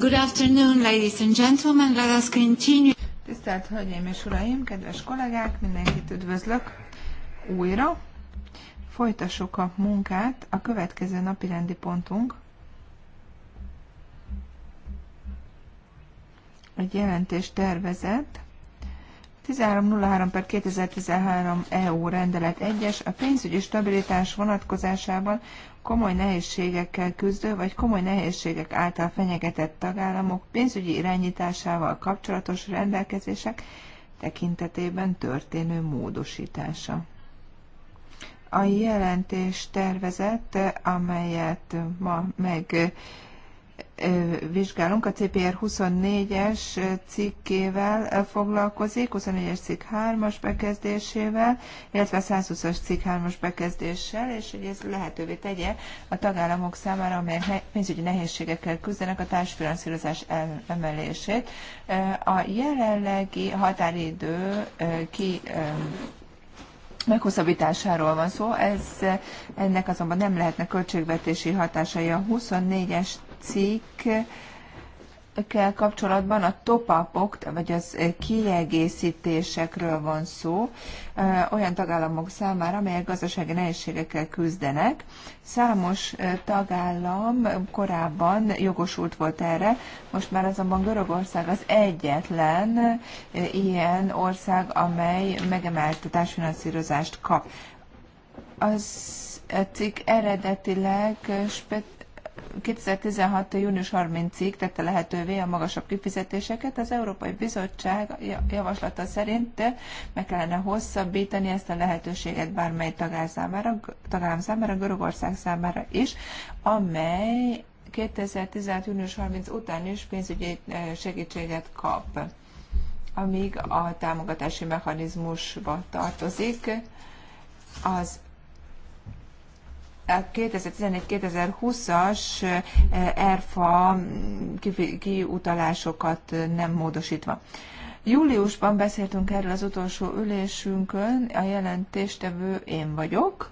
Good afternoon, ladies and gentlemen. Let us continue. Tisztelt Hölgyeim és Uraim, kedves kollégák, mindenkit üdvözlök újra. Folytassuk a munkát. A következő napi rendi pontunk egy jelentés tervezett 1303 per 2013 EU rendelet 1-es a pénzügyi stabilitás vonatkozásában komoly nehézségekkel küzdő vagy komoly nehézségek által fenyegetett tagállamok pénzügyi irányításával kapcsolatos rendelkezések tekintetében történő módosítása. A jelentés tervezet, amelyet ma meg vizsgálunk, a CPR 24-es cikkével foglalkozik, 24-es cikk 3-as bekezdésével, illetve 120-as cikk 3-as bekezdéssel, és hogy ez lehetővé tegye a tagállamok számára, amelyek pénzügyi nehézségekkel küzdenek a társfinanszírozás emelését. A jelenlegi határidő ki meghosszabbításáról van szó, ez, ennek azonban nem lehetne költségvetési hatásai. A 24-es cikkkel kapcsolatban a topapok, vagy az kiegészítésekről van szó olyan tagállamok számára, amelyek gazdasági nehézségekkel küzdenek. Számos tagállam korábban jogosult volt erre, most már azonban Görögország az egyetlen ilyen ország, amely megemelt társfinanszírozást kap. Az cikk eredetileg spet 2016. június 30-ig tette lehetővé a magasabb kifizetéseket. Az Európai Bizottság javaslata szerint meg kellene hosszabbítani ezt a lehetőséget bármely tagállam számára, tagállam számára Görögország számára is, amely 2016. június 30 után is pénzügyi eh, segítséget kap, amíg a támogatási mechanizmusba tartozik. Az a 2020 as ERFA kiutalásokat nem módosítva. Júliusban beszéltünk erről az utolsó ülésünkön, a jelentéstevő én vagyok.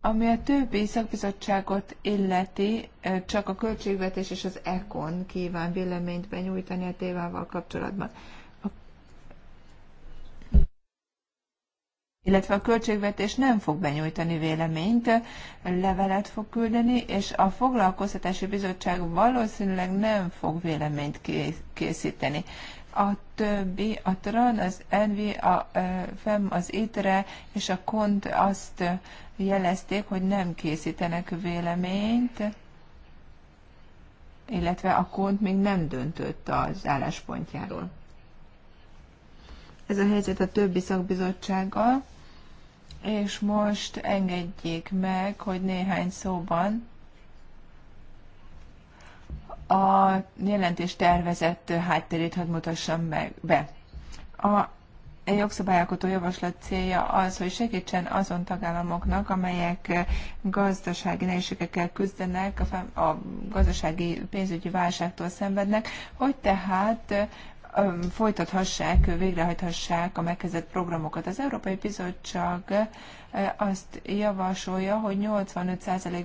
Ami a többi szakbizottságot illeti, eh, csak a költségvetés és az ECON kíván véleményt benyújtani a tévával kapcsolatban. illetve a költségvetés nem fog benyújtani véleményt, levelet fog küldeni, és a foglalkoztatási bizottság valószínűleg nem fog véleményt készíteni. A többi, a TRAN, az ENVI, a FEM, az ITRE és a KONT azt jelezték, hogy nem készítenek véleményt, illetve a KONT még nem döntött az álláspontjáról. Ez a helyzet a többi szakbizottsággal és most engedjék meg, hogy néhány szóban a jelentés tervezett hátterét hadd mutassam meg, be. A egy jogszabályalkotó javaslat célja az, hogy segítsen azon tagállamoknak, amelyek gazdasági nehézségekkel küzdenek, a, gazdasági pénzügyi válságtól szenvednek, hogy tehát folytathassák, végrehajthassák a megkezdett programokat. Az Európai Bizottság azt javasolja, hogy 85%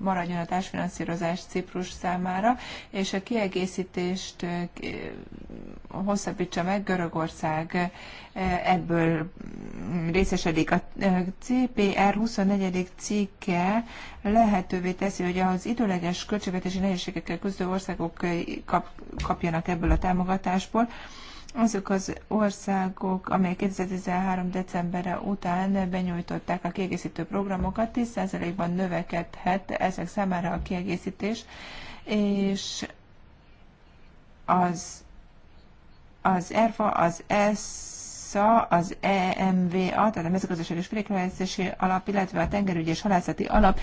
maradjon a társfinanszírozás Ciprus számára, és a kiegészítést hosszabbítsa meg Görögország ebből részesedik. A CPR 24. cikke lehetővé teszi, hogy az időleges költségvetési nehézségekkel küzdő országok kapjanak ebből a támogatásból, azok az országok, amelyek 2013. decemberre után benyújtották a kiegészítő programokat, 10%-ban növekedhet ezek számára a kiegészítés, és az az ERFA, az S vissza az EMVA, tehát a mezőgazdaság és vidékfejlesztési alap, illetve a tengerügyi és halászati alap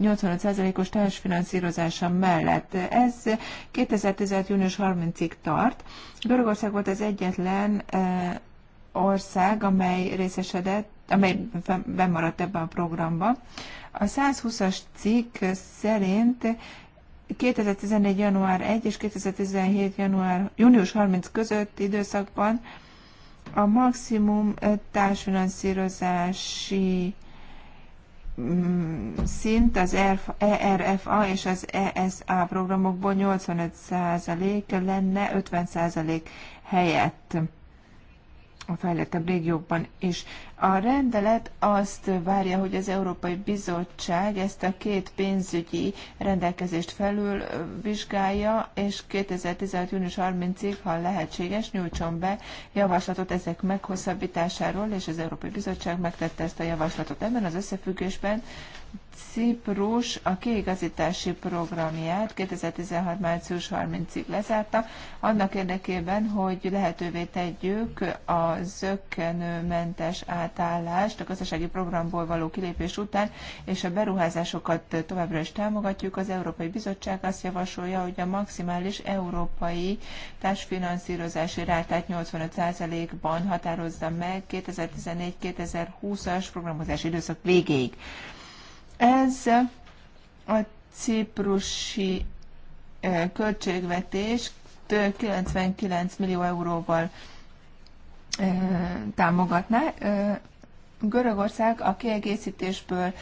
85%-os teljes finanszírozása mellett. Ez 2015. június 30-ig tart. Görögország volt az egyetlen ország, amely részesedett, amely bemaradt ebben a programban. A 120-as cikk szerint 2014. január 1 és 2017. január június 30 között időszakban a maximum eh, társfinanszírozási mm, szint az ERFA és az ESA programokból 85% lenne 50% helyett a fejlettebb régiókban is. A rendelet azt várja, hogy az Európai Bizottság ezt a két pénzügyi rendelkezést felül vizsgálja, és 2016. június 30-ig, ha lehetséges, nyújtson be javaslatot ezek meghosszabbításáról, és az Európai Bizottság megtette ezt a javaslatot ebben az összefüggésben. Ciprus a kiigazítási programját 2016. március 30-ig lezárta, annak érdekében, hogy lehetővé tegyük a zöggenőmentes átállást a gazdasági programból való kilépés után, és a beruházásokat továbbra is támogatjuk. Az Európai Bizottság azt javasolja, hogy a maximális európai társfinanszírozási rátát 85%-ban határozza meg 2014-2020-as programozási időszak végéig. Ez a ciprusi eh, költségvetés 99 millió euróval eh, támogatná. Eh, Görögország a kiegészítésből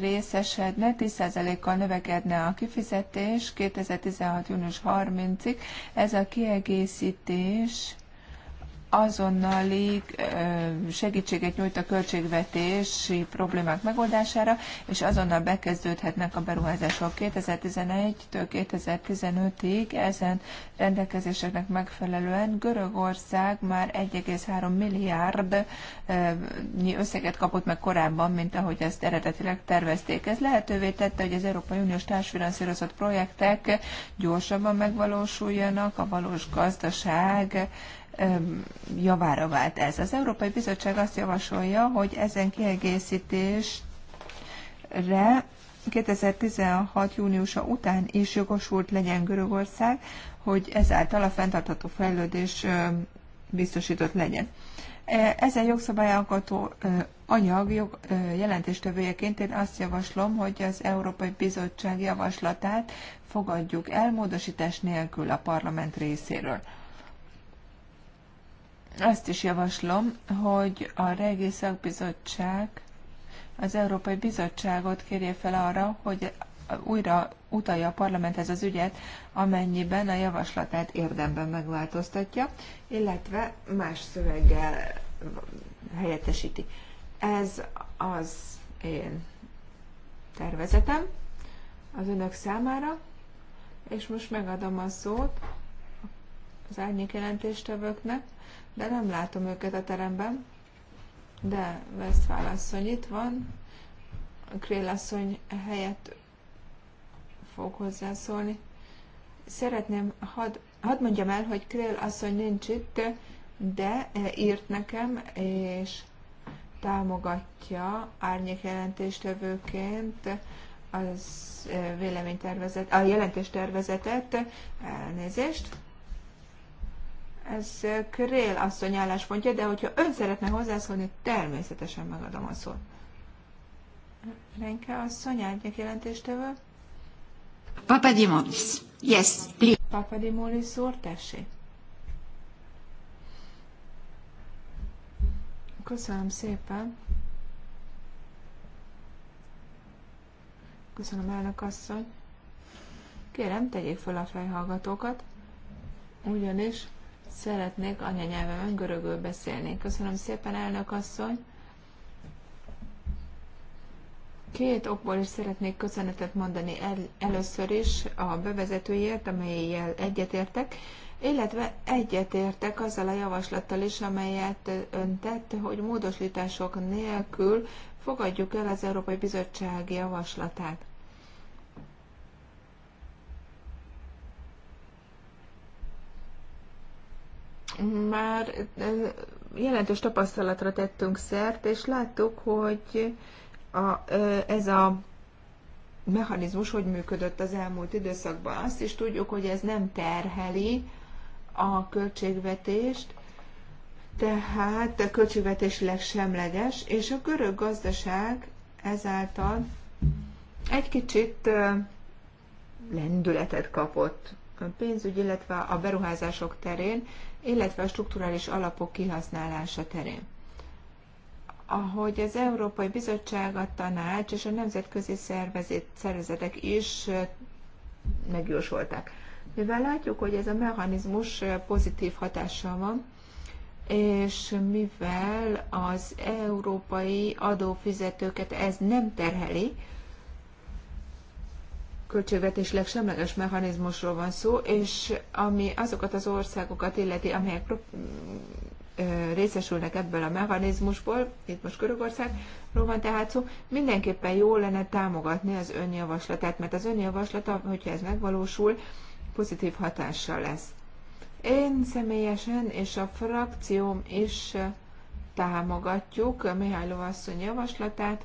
részesedne, 10%-kal növekedne a kifizetés 2016. június 30-ig. Ez a kiegészítés azonnali segítséget nyújt a költségvetési problémák megoldására, és azonnal bekezdődhetnek a beruházások 2011-től 2015-ig. Ezen rendelkezéseknek megfelelően Görögország már 1,3 milliárd összeget kapott meg korábban, mint ahogy ezt eredetileg tervezték. Ez lehetővé tette, hogy az Európai Uniós társfinanszírozott projektek gyorsabban megvalósuljanak, a valós gazdaság javára vált ez. Az Európai Bizottság azt javasolja, hogy ezen kiegészítésre 2016. júniusa után is jogosult legyen Görögország, hogy ezáltal a fenntartható fejlődés biztosított legyen. E, ezen jogszabályalkotó anyag jog, jelentéstevőjeként én azt javaslom, hogy az Európai Bizottság javaslatát fogadjuk el módosítás nélkül a parlament részéről azt is javaslom, hogy a Régi Szakbizottság az Európai Bizottságot kérje fel arra, hogy újra utalja a parlamenthez az ügyet, amennyiben a javaslatát érdemben megváltoztatja, illetve más szöveggel helyettesíti. Ez az én tervezetem az önök számára, és most megadom a szót az árnyék jelentéstevőknek de nem látom őket a teremben. De Westphal asszony itt van, Krél asszony helyett fog hozzászólni. Szeretném, hadd had mondjam el, hogy Krél asszony nincs itt, de írt nekem, és támogatja árnyékjelentéstevőként az eh, véleménytervezet, a jelentéstervezetet, elnézést, ez Krél asszony álláspontja, de hogyha ön szeretne hozzászólni, természetesen megadom a szót. Renke asszony, árnyék jelentéstevő. Papadimolis. Yes, please. Papadimolis úr, tessék. Köszönöm szépen. Köszönöm, elnök asszony. Kérem, tegyék fel a fejhallgatókat, ugyanis szeretnék anyanyelvemen görögül beszélni. Köszönöm szépen, elnök asszony! Két okból is szeretnék köszönetet mondani el, először is a bevezetőjét, amelyel egyetértek, illetve egyetértek azzal a javaslattal is, amelyet ön tett, hogy módosítások nélkül fogadjuk el az Európai Bizottság javaslatát. már jelentős tapasztalatra tettünk szert, és láttuk, hogy a, ez a mechanizmus hogy működött az elmúlt időszakban. Azt is tudjuk, hogy ez nem terheli a költségvetést, tehát a költségvetésileg semleges, és a görög gazdaság ezáltal egy kicsit lendületet kapott a pénzügy, illetve a beruházások terén, illetve a strukturális alapok kihasználása terén. Ahogy az Európai Bizottság, a Tanács és a nemzetközi szervezet, szervezetek is megjósolták. Mivel látjuk, hogy ez a mechanizmus pozitív hatással van, és mivel az európai adófizetőket ez nem terheli, költségvetésleg semleges mechanizmusról van szó, és ami azokat az országokat illeti, amelyek részesülnek ebből a mechanizmusból, itt most Görögországról van tehát szó, mindenképpen jó lenne támogatni az önjavaslatát, mert az önjavaslata, hogyha ez megvalósul, pozitív hatással lesz. Én személyesen és a frakcióm is támogatjuk Mihály Lovasszony javaslatát,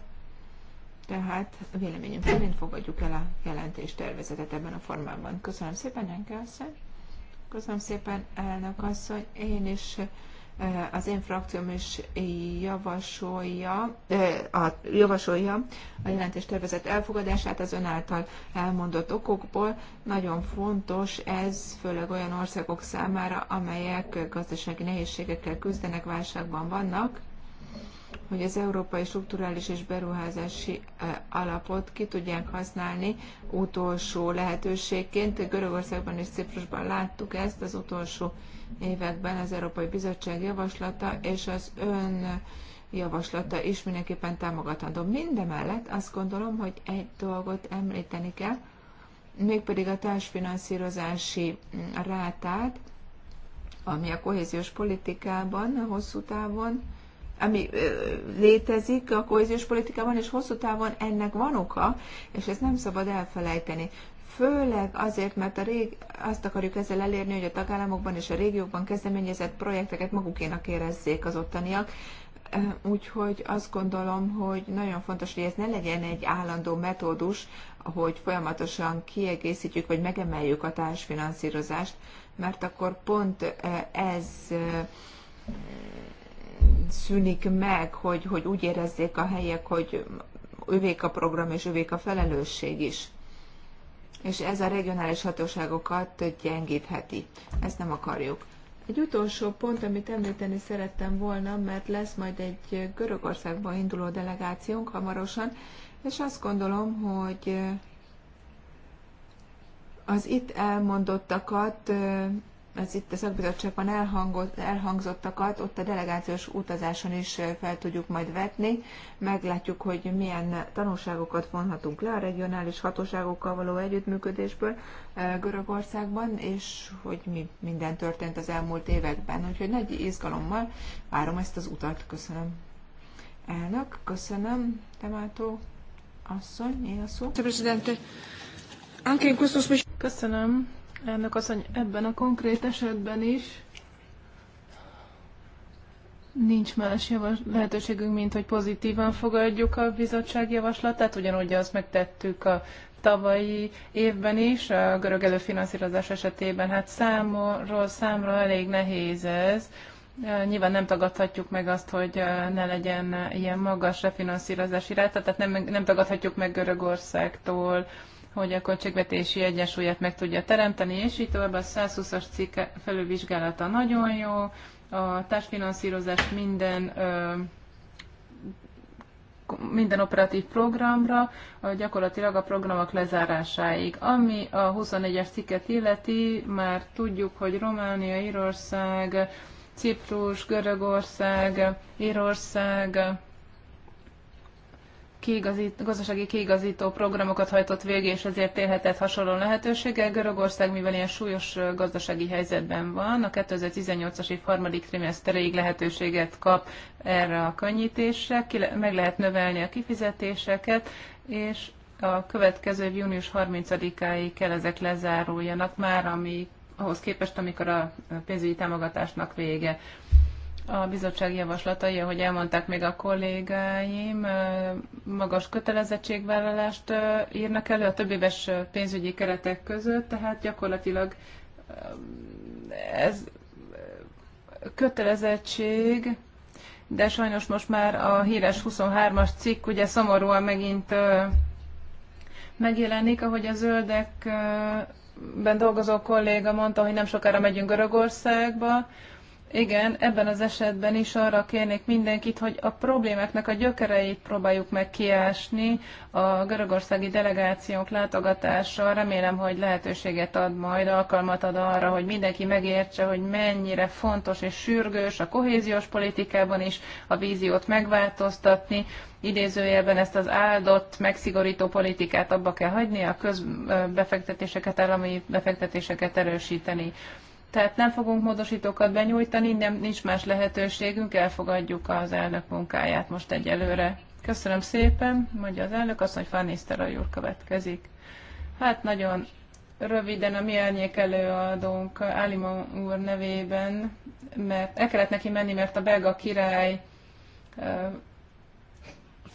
tehát véleményünk szerint fogadjuk el a tervezetet ebben a formában. Köszönöm szépen, Enke asszony. Köszönöm szépen, elnök asszony. Én is eh, az én frakcióm is javasolja, eh, a, javasolja a jelentés tervezet elfogadását az ön által elmondott okokból. Nagyon fontos ez, főleg olyan országok számára, amelyek gazdasági nehézségekkel küzdenek, válságban vannak hogy az Európai Strukturális és Beruházási Alapot ki tudják használni utolsó lehetőségként. Görögországban és Ciprusban láttuk ezt az utolsó években az Európai Bizottság javaslata, és az ön javaslata is mindenképpen támogatandó. Mindemellett azt gondolom, hogy egy dolgot említeni kell, mégpedig a társfinanszírozási mm, rátát, ami a kohéziós politikában a hosszú távon ami létezik a kohéziós politikában, és hosszú távon ennek van oka, és ezt nem szabad elfelejteni. Főleg azért, mert a rég, azt akarjuk ezzel elérni, hogy a tagállamokban és a régiókban kezdeményezett projekteket magukénak érezzék az ottaniak, Úgyhogy azt gondolom, hogy nagyon fontos, hogy ez ne legyen egy állandó metódus, hogy folyamatosan kiegészítjük vagy megemeljük a társfinanszírozást, mert akkor pont ez szűnik meg, hogy, hogy úgy érezzék a helyek, hogy övék a program és övék a felelősség is. És ez a regionális hatóságokat gyengítheti. Ezt nem akarjuk. Egy utolsó pont, amit említeni szerettem volna, mert lesz majd egy Görögországba induló delegációnk hamarosan, és azt gondolom, hogy az itt elmondottakat az itt a szakbizottságban elhangzottakat ott a delegációs utazáson is fel tudjuk majd vetni. Meglátjuk, hogy milyen tanulságokat vonhatunk le a regionális hatóságokkal való együttműködésből Görögországban, és hogy mi minden történt az elmúlt években. Úgyhogy nagy izgalommal várom ezt az utat. Köszönöm. Elnök, köszönöm. Temátó asszony, mi a szó? Köszönöm. Elnök asszony, ebben a konkrét esetben is nincs más javas- lehetőségünk, mint hogy pozitívan fogadjuk a bizottság javaslatát, ugyanúgy azt megtettük a tavalyi évben is, a görög előfinanszírozás esetében. Hát számról számra elég nehéz ez. Nyilván nem tagadhatjuk meg azt, hogy ne legyen ilyen magas refinanszírozási ráta, tehát nem, nem tagadhatjuk meg Görögországtól, hogy a költségvetési egyensúlyát meg tudja teremteni, és így tovább a 120-as cikk felülvizsgálata nagyon jó, a társfinanszírozás minden minden operatív programra, gyakorlatilag a programok lezárásáig. Ami a 24-es cikket illeti, már tudjuk, hogy Románia, Írország, Ciprus, Görögország, Írország, kiigazít, gazdasági kiigazító programokat hajtott végig, és ezért élhetett hasonló lehetőséggel. Görögország, mivel ilyen súlyos gazdasági helyzetben van, a 2018-as év harmadik trimeszteréig lehetőséget kap erre a könnyítésre, meg lehet növelni a kifizetéseket, és a következő év június 30-áig kell ezek lezáruljanak már, ami ahhoz képest, amikor a pénzügyi támogatásnak vége. A bizottság javaslatai, ahogy elmondták még a kollégáim, magas kötelezettségvállalást írnak elő a többéves pénzügyi keretek között, tehát gyakorlatilag ez kötelezettség, de sajnos most már a híres 23-as cikk ugye szomorúan megint megjelenik, ahogy a zöldekben dolgozó kolléga mondta, hogy nem sokára megyünk Görögországba, igen, ebben az esetben is arra kérnék mindenkit, hogy a problémáknak a gyökereit próbáljuk meg kiásni. A görögországi delegációk látogatása remélem, hogy lehetőséget ad majd, alkalmat ad arra, hogy mindenki megértse, hogy mennyire fontos és sürgős a kohéziós politikában is a víziót megváltoztatni. Idézőjelben ezt az áldott, megszigorító politikát abba kell hagyni, a közbefektetéseket, állami befektetéseket erősíteni. Tehát nem fogunk módosítókat benyújtani, nem, nincs más lehetőségünk, elfogadjuk az elnök munkáját most egyelőre. Köszönöm szépen, mondja az elnök, azt mondja, Fanny úr következik. Hát nagyon röviden a mi elnyék előadónk Álima úr nevében, mert el kellett neki menni, mert a belga király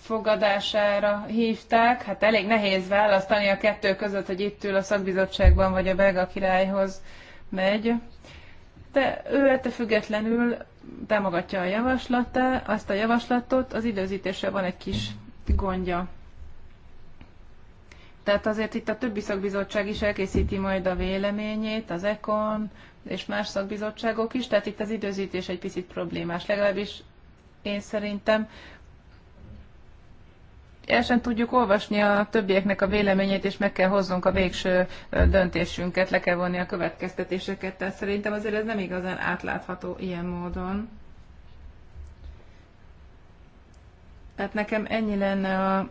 fogadására hívták. Hát elég nehéz választani a kettő között, hogy itt ül a szakbizottságban, vagy a belga királyhoz megy, de ő ettől függetlenül támogatja a javaslatát, azt a javaslatot, az időzítése van egy kis gondja. Tehát azért itt a többi szakbizottság is elkészíti majd a véleményét, az ECON és más szakbizottságok is, tehát itt az időzítés egy picit problémás. Legalábbis én szerintem el sem tudjuk olvasni a többieknek a véleményét, és meg kell hoznunk a végső döntésünket, le kell vonni a következtetéseket. Tehát szerintem azért ez nem igazán átlátható ilyen módon. Tehát nekem ennyi lenne a,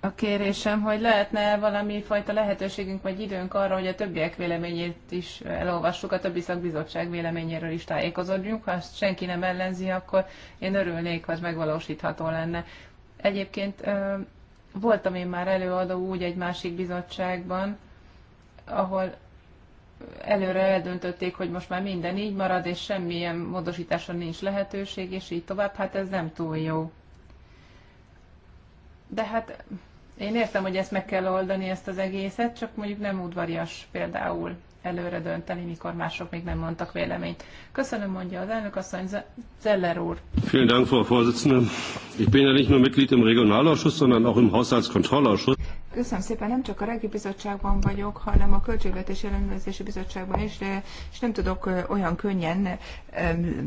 a kérésem, hogy lehetne valami fajta lehetőségünk vagy időnk arra, hogy a többiek véleményét is elolvassuk, a többi szakbizottság véleményéről is tájékozódjunk. Ha ezt senki nem ellenzi, akkor én örülnék, ha ez megvalósítható lenne. Egyébként voltam én már előadó úgy egy másik bizottságban, ahol előre eldöntötték, hogy most már minden így marad, és semmilyen módosításon nincs lehetőség, és így tovább, hát ez nem túl jó. De hát én értem, hogy ezt meg kell oldani, ezt az egészet, csak mondjuk nem udvarias például előre dönteni, mikor mások még nem mondtak véleményt. Köszönöm, mondja az elnök asszony Zeller úr. Vielen Dank, Frau Vorsitzende. Ich bin ja nicht nur Mitglied im Regionalausschuss, sondern auch im Haushaltskontrollausschuss. Köszönöm szépen, nem csak a Regi Bizottságban vagyok, hanem a Költségvetési Ellenőrzési Bizottságban is, és nem tudok olyan könnyen,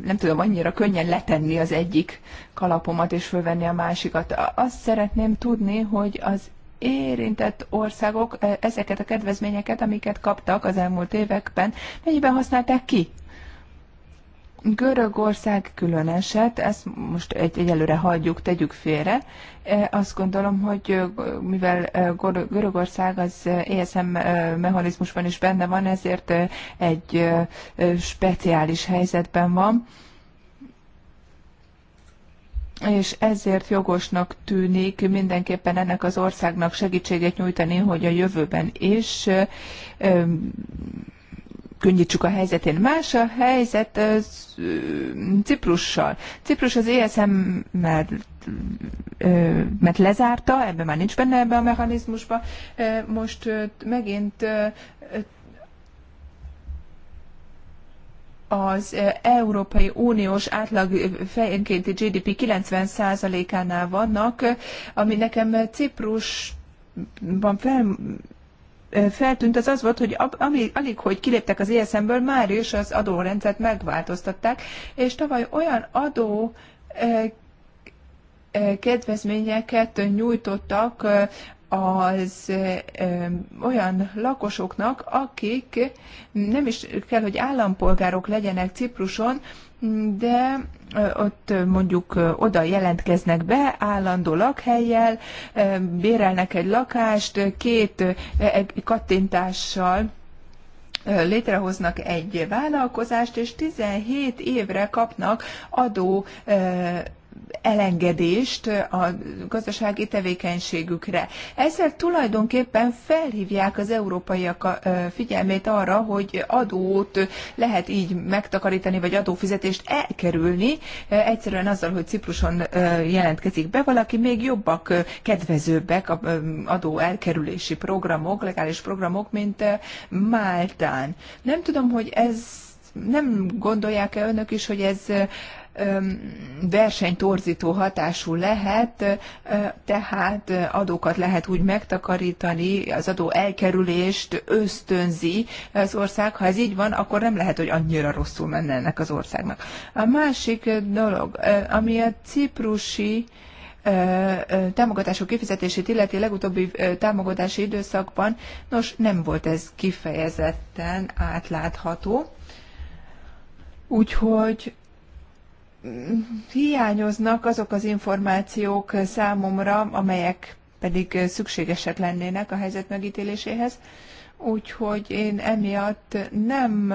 nem tudom annyira könnyen letenni az egyik kalapomat és fölvenni a másikat. Azt szeretném tudni, hogy az érintett országok eh, ezeket a kedvezményeket, amiket kaptak az elmúlt években, mennyiben használták ki? Görögország külön eset, ezt most egy, egyelőre hagyjuk, tegyük félre. Eh, azt gondolom, hogy eh, mivel Görögország az ESM e mechanizmusban is benne van, ezért egy speciális helyzetben van és ezért jogosnak tűnik mindenképpen ennek az országnak segítséget nyújtani, hogy a jövőben is könnyítsük a helyzetén. Más a helyzet az, Ciprussal. Ciprus az esm ö, mert lezárta, ebben már nincs benne ebbe a mechanizmusba. Most megint az Európai Uniós átlag GDP 90%-ánál vannak, ami nekem Ciprusban fel, feltűnt, az az volt, hogy ami, alig, hogy kiléptek az ESM-ből, már is az adórendszert megváltoztatták, és tavaly olyan adó kedvezményeket nyújtottak az olyan lakosoknak, akik nem is kell, hogy állampolgárok legyenek Cipruson, de ott mondjuk oda jelentkeznek be állandó lakhelyjel, bérelnek egy lakást, két kattintással létrehoznak egy vállalkozást, és 17 évre kapnak adó elengedést a gazdasági tevékenységükre. Ezzel tulajdonképpen felhívják az európaiak figyelmét arra, hogy adót lehet így megtakarítani, vagy adófizetést elkerülni, egyszerűen azzal, hogy Cipruson jelentkezik be valaki, még jobbak, kedvezőbbek a adó elkerülési programok, legális programok, mint Máltán. Nem tudom, hogy ez nem gondolják-e önök is, hogy ez versenytorzító hatású lehet, tehát adókat lehet úgy megtakarítani, az adó elkerülést ösztönzi az ország. Ha ez így van, akkor nem lehet, hogy annyira rosszul menne ennek az országnak. A másik dolog, ami a ciprusi támogatások kifizetését illeti legutóbbi támogatási időszakban, nos, nem volt ez kifejezetten átlátható. Úgyhogy hiányoznak azok az információk számomra, amelyek pedig szükségesek lennének a helyzet megítéléséhez. Úgyhogy én emiatt nem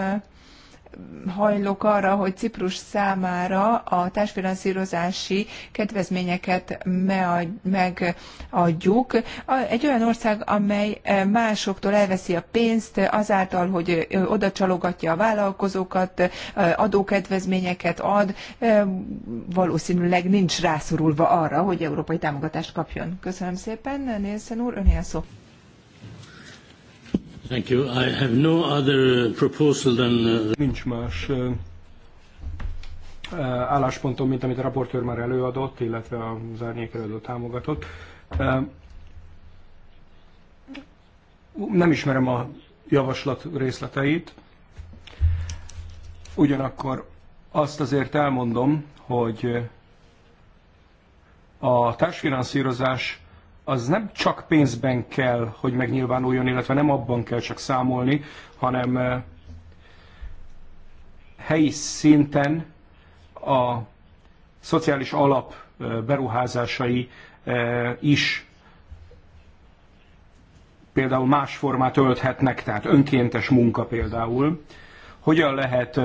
hajlok arra, hogy Ciprus számára a társfinanszírozási kedvezményeket megadjuk. Egy olyan ország, amely e, másoktól elveszi a pénzt azáltal, hogy e, oda csalogatja a vállalkozókat, e, adókedvezményeket ad, valószínűleg nincs rászorulva arra, hogy európai támogatást kapjon. Köszönöm szépen, Nielsen úr, önél szó. Thank you. I have no other uh, proposal than... Uh, Nincs más uh, álláspontom, mint amit a raportőr már előadott, illetve az árnyék előadó támogatott. Nem ismerem a javaslat részleteit, ugyanakkor azt azért elmondom, hogy a társfinanszírozás az nem csak pénzben kell, hogy megnyilvánuljon, illetve nem abban kell csak számolni, hanem helyi szinten a szociális alap beruházásai is például más formát ölthetnek, tehát önkéntes munka például. Hogyan lehet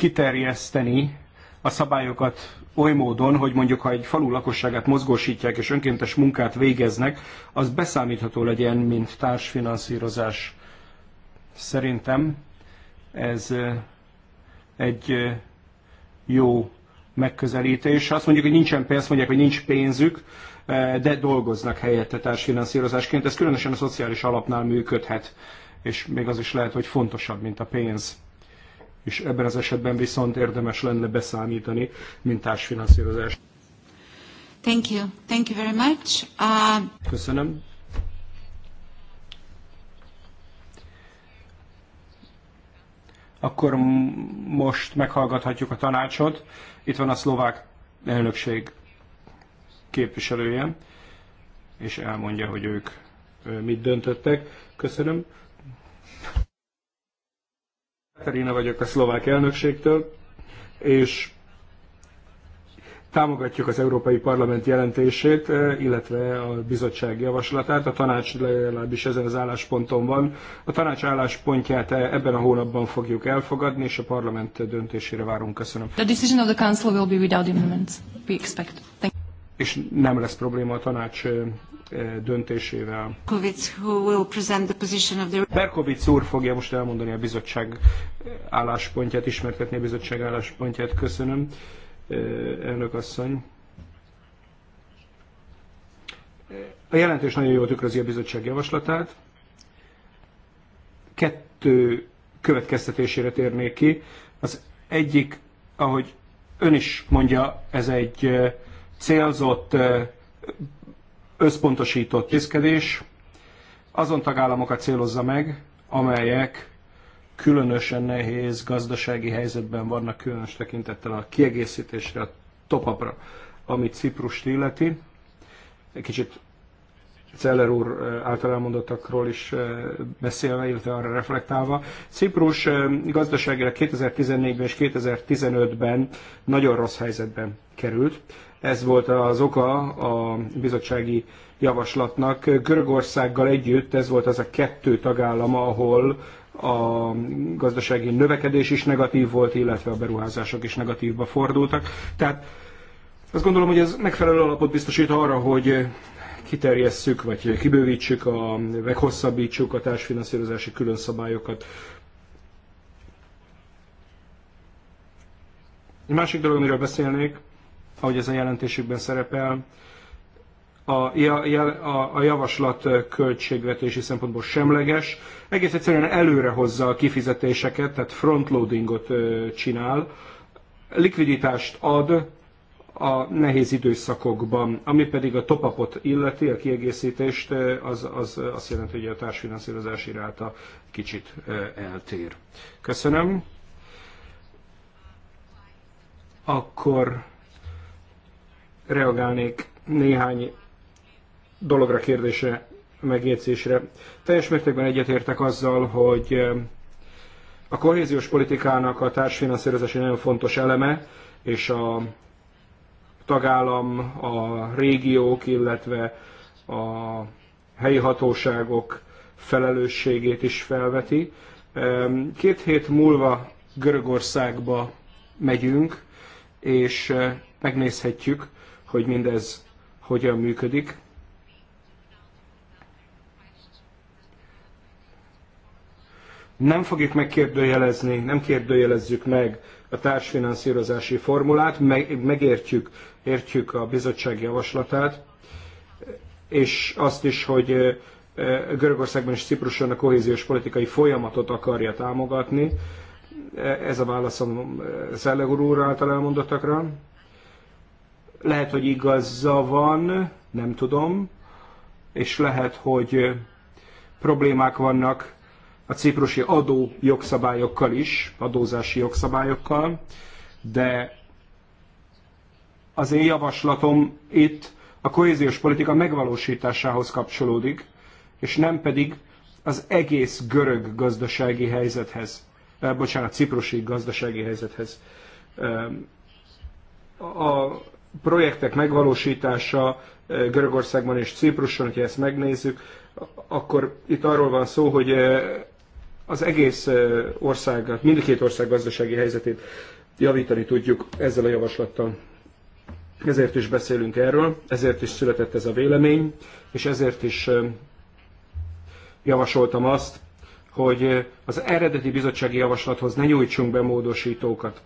kiterjeszteni a szabályokat oly módon, hogy mondjuk ha egy falu lakosságát mozgósítják és önkéntes munkát végeznek, az beszámítható legyen, mint társfinanszírozás. Szerintem ez egy jó megközelítés. Azt mondjuk, hogy nincsen pénz, mondják, hogy nincs pénzük, de dolgoznak helyette társfinanszírozásként. Ez különösen a szociális alapnál működhet, és még az is lehet, hogy fontosabb, mint a pénz és ebben az esetben viszont érdemes lenne beszámítani, mint társfinanszírozás. Thank you. Thank you very much. Uh... Köszönöm. Akkor most meghallgathatjuk a tanácsot. Itt van a szlovák elnökség képviselője, és elmondja, hogy ők mit döntöttek. Köszönöm. Katarina vagyok a szlovák elnökségtől, és támogatjuk az Európai Parlament jelentését, eh, illetve a bizottság javaslatát. A tanács legalábbis ezen az állásponton van. A tanács álláspontját eh, ebben a hónapban fogjuk elfogadni, és a parlament döntésére várunk. Köszönöm. The decision of the council will be without amendments, we expect. Thank és nem lesz probléma a tanács eh, Eh, döntésével. Berkovic úr fogja most elmondani a bizottság álláspontját, ismertetni a bizottság álláspontját. Köszönöm, eh, elnök asszony. A jelentés nagyon jól tükrözi a bizottság javaslatát. Kettő következtetésére térnék ki. Az egyik, ahogy ön is mondja, ez egy eh, célzott összpontosított intézkedés azon tagállamokat célozza meg, amelyek különösen nehéz gazdasági helyzetben vannak, különös tekintettel a kiegészítésre, a topapra, ami Ciprust illeti. Egy kicsit Celler úr által elmondottakról is beszélve, illetve arra reflektálva. Ciprus gazdaságilag 2014-ben és 2015-ben nagyon rossz helyzetben került. Ez volt az oka a bizottsági javaslatnak. Görögországgal együtt ez volt az a kettő tagállam, ahol a gazdasági növekedés is negatív volt, illetve a beruházások is negatívba fordultak. Tehát azt gondolom, hogy ez megfelelő alapot biztosít arra, hogy kiterjesszük, vagy kibővítsük, a, meghosszabbítsuk a társfinanszírozási külön szabályokat. Egy másik dolog, amiről beszélnék, ahogy ez a jelentésükben szerepel, a, a, a javaslat költségvetési szempontból semleges, egész egyszerűen előre hozza a kifizetéseket, tehát frontloadingot csinál, likviditást ad a nehéz időszakokban, ami pedig a topapot illeti, a kiegészítést, az, az azt jelenti, hogy a társfinanszírozási iráta kicsit eltér. Köszönöm. Akkor reagálnék néhány dologra, kérdésre, megjegyzésre. Teljes mértékben egyetértek azzal, hogy eh, a kohéziós politikának a társfinanszírozás egy nagyon fontos eleme, és a tagállam, a régiók, illetve a helyi hatóságok felelősségét is felveti. Két hét múlva Görögországba megyünk, és eh, megnézhetjük, hogy mindez hogyan működik. Nem fogjuk megkérdőjelezni, nem kérdőjelezzük meg a társfinanszírozási formulát, megértjük értjük a bizottság javaslatát, és azt is, hogy Görögországban és Cipruson a kohéziós politikai folyamatot akarja támogatni. Ez a válaszom Szellegur úr által elmondottakra. Lehet, hogy igaza van, nem tudom, és lehet, hogy problémák vannak a ciprusi adó jogszabályokkal is, adózási jogszabályokkal, de az én javaslatom itt a kohéziós politika megvalósításához kapcsolódik, és nem pedig az egész görög gazdasági helyzethez, eh, bocsánat, ciprusi gazdasági helyzethez. A projektek megvalósítása eh, Görögországban és Cipruson, hogyha ezt megnézzük, akkor itt arról van szó, hogy eh, az egész eh, ország, hát mindkét ország gazdasági helyzetét javítani tudjuk ezzel a javaslattal. Ezért is beszélünk erről, ezért is született ez a vélemény, és ezért is javasoltam azt, hogy az eredeti bizottsági javaslathoz ne nyújtsunk be módosítókat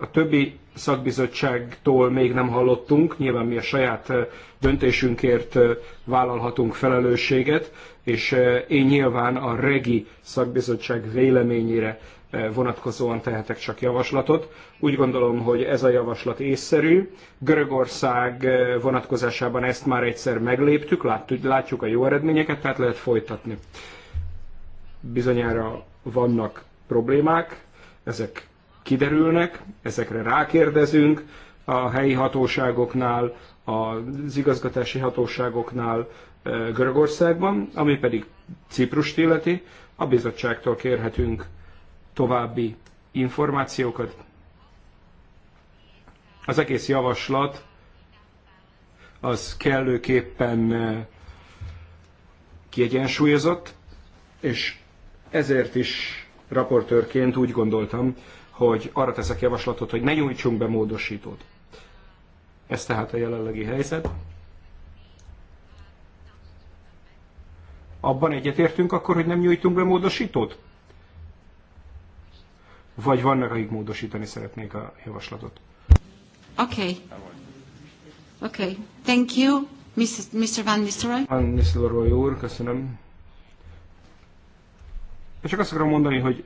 a többi szakbizottságtól még nem hallottunk, nyilván mi a saját döntésünkért vállalhatunk felelősséget, és én nyilván a REGI szakbizottság véleményére vonatkozóan tehetek csak javaslatot. Úgy gondolom, hogy ez a javaslat észszerű. Görögország vonatkozásában ezt már egyszer megléptük, látjuk a jó eredményeket, tehát lehet folytatni. Bizonyára vannak problémák, ezek kiderülnek, ezekre rákérdezünk a helyi hatóságoknál, az igazgatási hatóságoknál Görögországban, ami pedig Ciprust illeti, a bizottságtól kérhetünk további információkat. Az egész javaslat az kellőképpen kiegyensúlyozott, és ezért is raportőrként úgy gondoltam, hogy arra teszek javaslatot, hogy ne nyújtsunk be módosítót. Ez tehát a jelenlegi helyzet. Abban egyetértünk akkor, hogy nem nyújtunk be módosítót? Vagy vannak, akik módosítani szeretnék a javaslatot? Oké. Okay. Oké. Okay. Thank you, Mrs. Mr. Van Nistelrooy. Van Nistelrooy úr, köszönöm. Én csak azt akarom mondani, hogy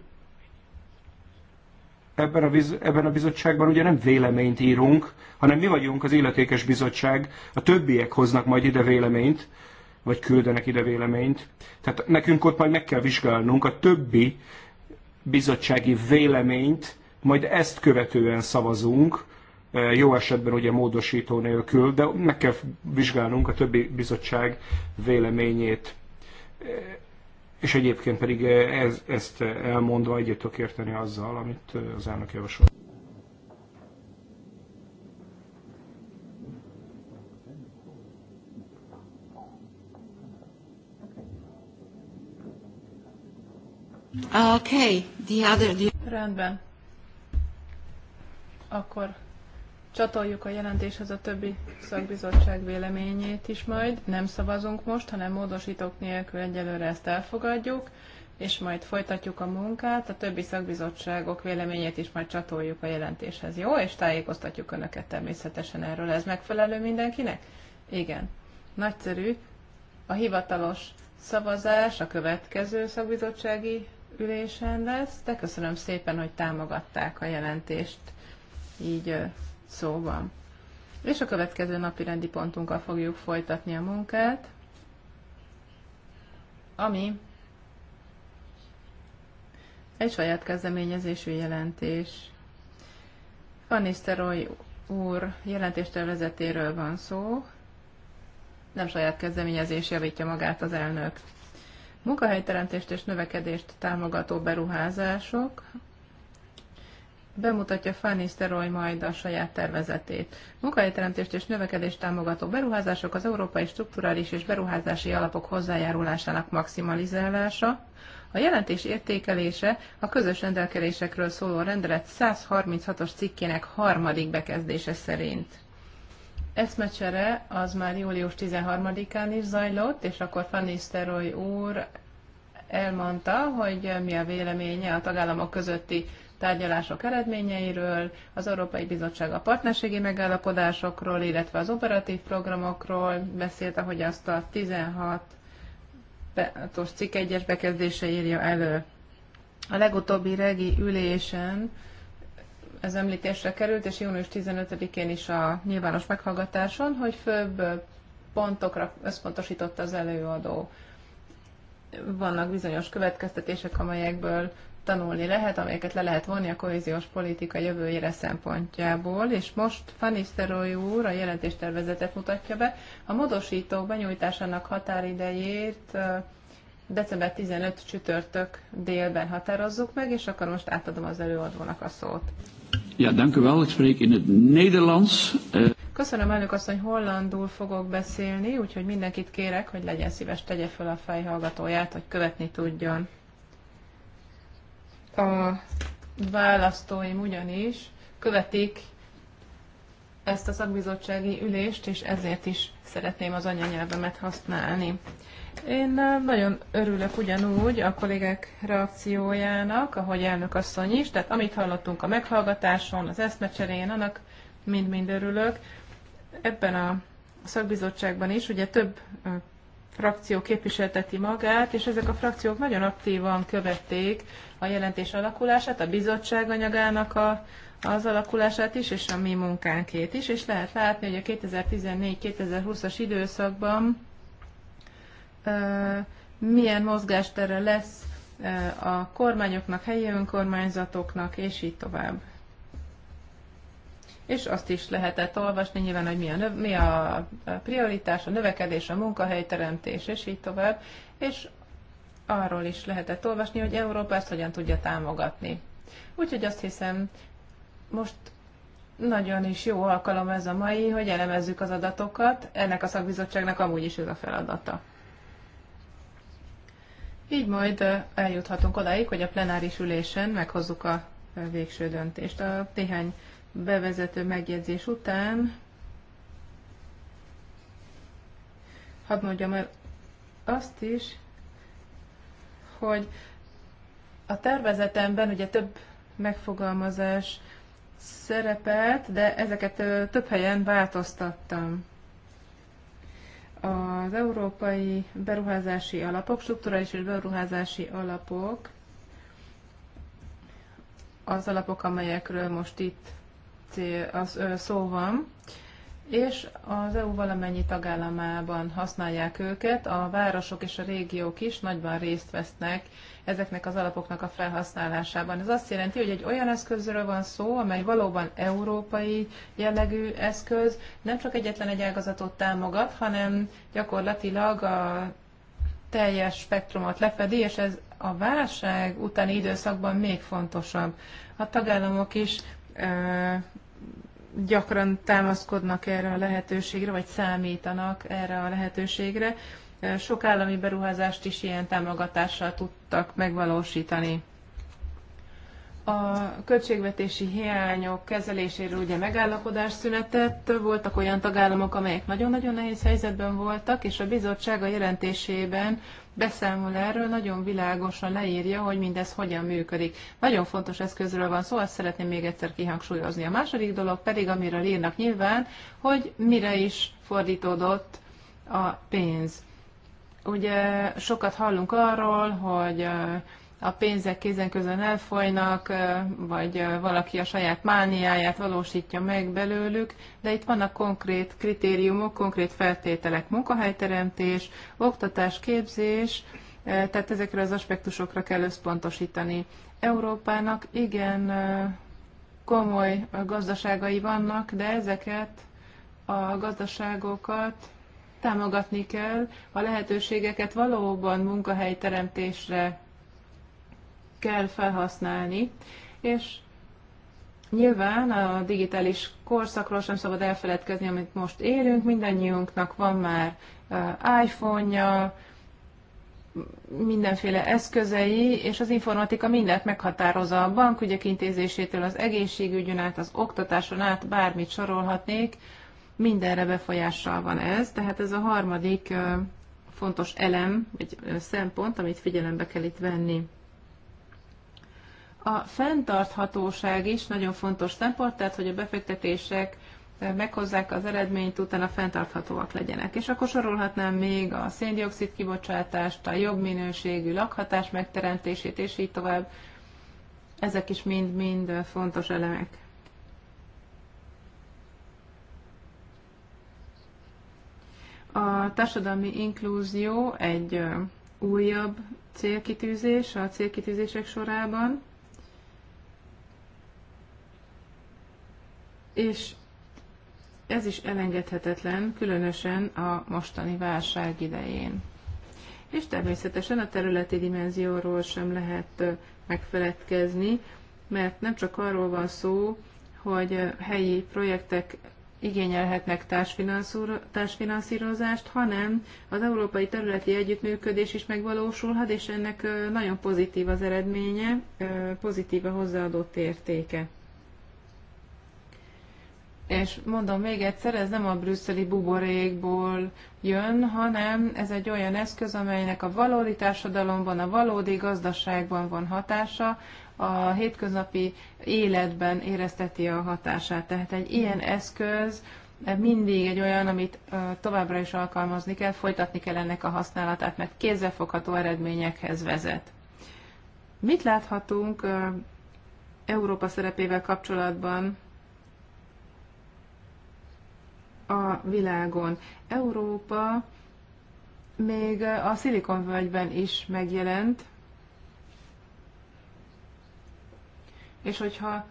ebben a, biz, ebben a bizottságban ugye nem véleményt írunk, hanem mi vagyunk az illetékes bizottság, a többiek hoznak majd ide véleményt, vagy küldenek ide véleményt. Tehát nekünk ott majd meg kell vizsgálnunk a többi bizottsági véleményt, majd ezt követően szavazunk, e, jó esetben ugye módosító nélkül, de meg kell vizsgálnunk a többi bizottság véleményét. E, és egyébként pedig eh, ez, ezt eh, elmondva egyet tudok érteni azzal, amit eh, az elnök javasolt. Okay, the other... The... Rendben. Akkor Csatoljuk a jelentéshez a többi szakbizottság véleményét is majd. Nem szavazunk most, hanem módosítók nélkül egyelőre ezt elfogadjuk, és majd folytatjuk a munkát. A többi szakbizottságok véleményét is majd csatoljuk a jelentéshez. Jó, és tájékoztatjuk Önöket természetesen erről. Ez megfelelő mindenkinek? Igen. Nagyszerű. A hivatalos szavazás a következő szakbizottsági ülésen lesz, de köszönöm szépen, hogy támogatták a jelentést így szó van. És a következő napi rendi pontunkkal fogjuk folytatni a munkát, ami egy saját kezdeményezésű jelentés. Van úr jelentéstervezetéről van szó, nem saját kezdeményezés javítja magát az elnök. Munkahelyteremtést és növekedést támogató beruházások, bemutatja Fanny Steroy majd a saját tervezetét. Munkahelyteremtést és növekedést támogató beruházások az európai strukturális és beruházási alapok hozzájárulásának maximalizálása, a jelentés értékelése a közös rendelkezésekről szóló rendelet 136-os cikkének harmadik bekezdése szerint. Eszmecsere az már július 13-án is zajlott, és akkor Fanny Steroy úr elmondta, hogy mi a véleménye a tagállamok közötti tárgyalások eredményeiről, az Európai Bizottság a partnerségi megállapodásokról, illetve az operatív programokról beszélt, ahogy azt a 16-os cikk 1 bekezdése írja elő. A legutóbbi regi ülésen ez említésre került, és június 15-én is a nyilvános meghallgatáson, hogy főbb pontokra összpontosított az előadó. Vannak bizonyos következtetések, amelyekből tanulni lehet, amelyeket le lehet vonni a kohéziós politika jövőjére szempontjából, és most Fanisteroy úr a jelentéstervezetet mutatja be. A modosító benyújtásának határidejét december 15 csütörtök délben határozzuk meg, és akkor most átadom az előadónak a szót. Ja, dank u wel. Ik spreek in het Nederlands. Eh. Köszönöm, elnök asszony, hollandul fogok beszélni, úgyhogy mindenkit kérek, hogy legyen szíves, tegye fel a fejhallgatóját, hogy követni tudjon. A választóim ugyanis követik ezt a szakbizottsági ülést, és ezért is szeretném az anyanyelvemet használni. Én nagyon örülök ugyanúgy a kollégák reakciójának, ahogy elnök asszony is, tehát amit hallottunk a meghallgatáson, az eszmecserén, annak mind-mind örülök. Ebben a szakbizottságban is ugye több frakció képviselteti magát, és ezek a frakciók nagyon aktívan követték a jelentés alakulását, a bizottság anyagának a, az alakulását is, és a mi munkánkét is, és lehet látni, hogy a 2014-2020-as időszakban milyen mozgástere lesz a kormányoknak, helyi önkormányzatoknak, és így tovább. És azt is lehetett olvasni nyilván, hogy mi a, mi a prioritás, a növekedés, a munkahelyteremtés, és így tovább. És arról is lehetett olvasni, hogy Európa ezt hogyan tudja támogatni. Úgyhogy azt hiszem, most nagyon is jó alkalom ez a mai, hogy elemezzük az adatokat. Ennek a szakbizottságnak amúgy is ez a feladata. Így majd eljuthatunk odáig, hogy a plenáris ülésen meghozzuk a végső döntést. A néhány bevezető megjegyzés után hadd mondjam el azt is, hogy a tervezetemben ugye több megfogalmazás szerepelt, de ezeket több helyen változtattam. Az európai beruházási alapok, strukturális és beruházási alapok, az alapok, amelyekről most itt az szó van, és az EU valamennyi tagállamában használják őket, a városok és a régiók is nagyban részt vesznek ezeknek az alapoknak a felhasználásában. Ez azt jelenti, hogy egy olyan eszközről van szó, amely valóban európai jellegű eszköz, nem csak egyetlen egy ágazatot támogat, hanem gyakorlatilag a teljes spektrumot lefedi, és ez a válság utáni időszakban még fontosabb. A tagállamok is gyakran támaszkodnak erre a lehetőségre, vagy számítanak erre a lehetőségre. Sok állami beruházást is ilyen támogatással tudtak megvalósítani. A költségvetési hiányok kezeléséről ugye megállapodás született, voltak olyan tagállamok, amelyek nagyon-nagyon nehéz helyzetben voltak, és a bizottság a jelentésében beszámol erről, nagyon világosan leírja, hogy mindez hogyan működik. Nagyon fontos eszközről van szó, ezt szeretném még egyszer kihangsúlyozni. A második dolog pedig, amiről írnak nyilván, hogy mire is fordítódott a pénz. Ugye sokat hallunk arról, hogy a pénzek kézen közön elfolynak, vagy valaki a saját mániáját valósítja meg belőlük, de itt vannak konkrét kritériumok, konkrét feltételek, munkahelyteremtés, oktatás, képzés, tehát ezekre az aspektusokra kell összpontosítani. Európának igen komoly gazdaságai vannak, de ezeket a gazdaságokat támogatni kell, a lehetőségeket valóban munkahelyteremtésre kell felhasználni, és Nyilván a digitális korszakról sem szabad elfeledkezni, amit most élünk. Mindannyiunknak van már uh, iPhone-ja, mindenféle eszközei, és az informatika mindent meghatározza a bankügyek intézésétől, az egészségügyön át, az oktatáson át, bármit sorolhatnék, mindenre befolyással van ez. Tehát ez a harmadik uh, fontos elem, egy uh, szempont, amit figyelembe kell itt venni. A fenntarthatóság is nagyon fontos szempont, tehát hogy a befektetések eh, meghozzák az eredményt, utána fenntarthatóak legyenek. És akkor sorolhatnám még a széndiokszid kibocsátást, a jobb minőségű lakhatás megteremtését, és így tovább. Ezek is mind-mind eh, fontos elemek. A társadalmi inklúzió egy eh, újabb célkitűzés a célkitűzések sorában. és ez is elengedhetetlen, különösen a mostani válság idején. És természetesen a területi dimenzióról sem lehet megfeledkezni, mert nem csak arról van szó, hogy helyi projektek igényelhetnek társfinanszírozást, hanem az európai területi együttműködés is megvalósulhat, és ennek nagyon pozitív az eredménye, pozitív a hozzáadott értéke. És mondom még egyszer, ez nem a brüsszeli buborékból jön, hanem ez egy olyan eszköz, amelynek a valódi társadalomban, a valódi gazdaságban van hatása, a hétköznapi életben érezteti a hatását. Tehát egy ilyen eszköz mindig egy olyan, amit továbbra is alkalmazni kell, folytatni kell ennek a használatát, mert kézzelfogható eredményekhez vezet. Mit láthatunk Európa szerepével kapcsolatban a világon. Európa még a Szilikonvölgyben is megjelent, és hogyha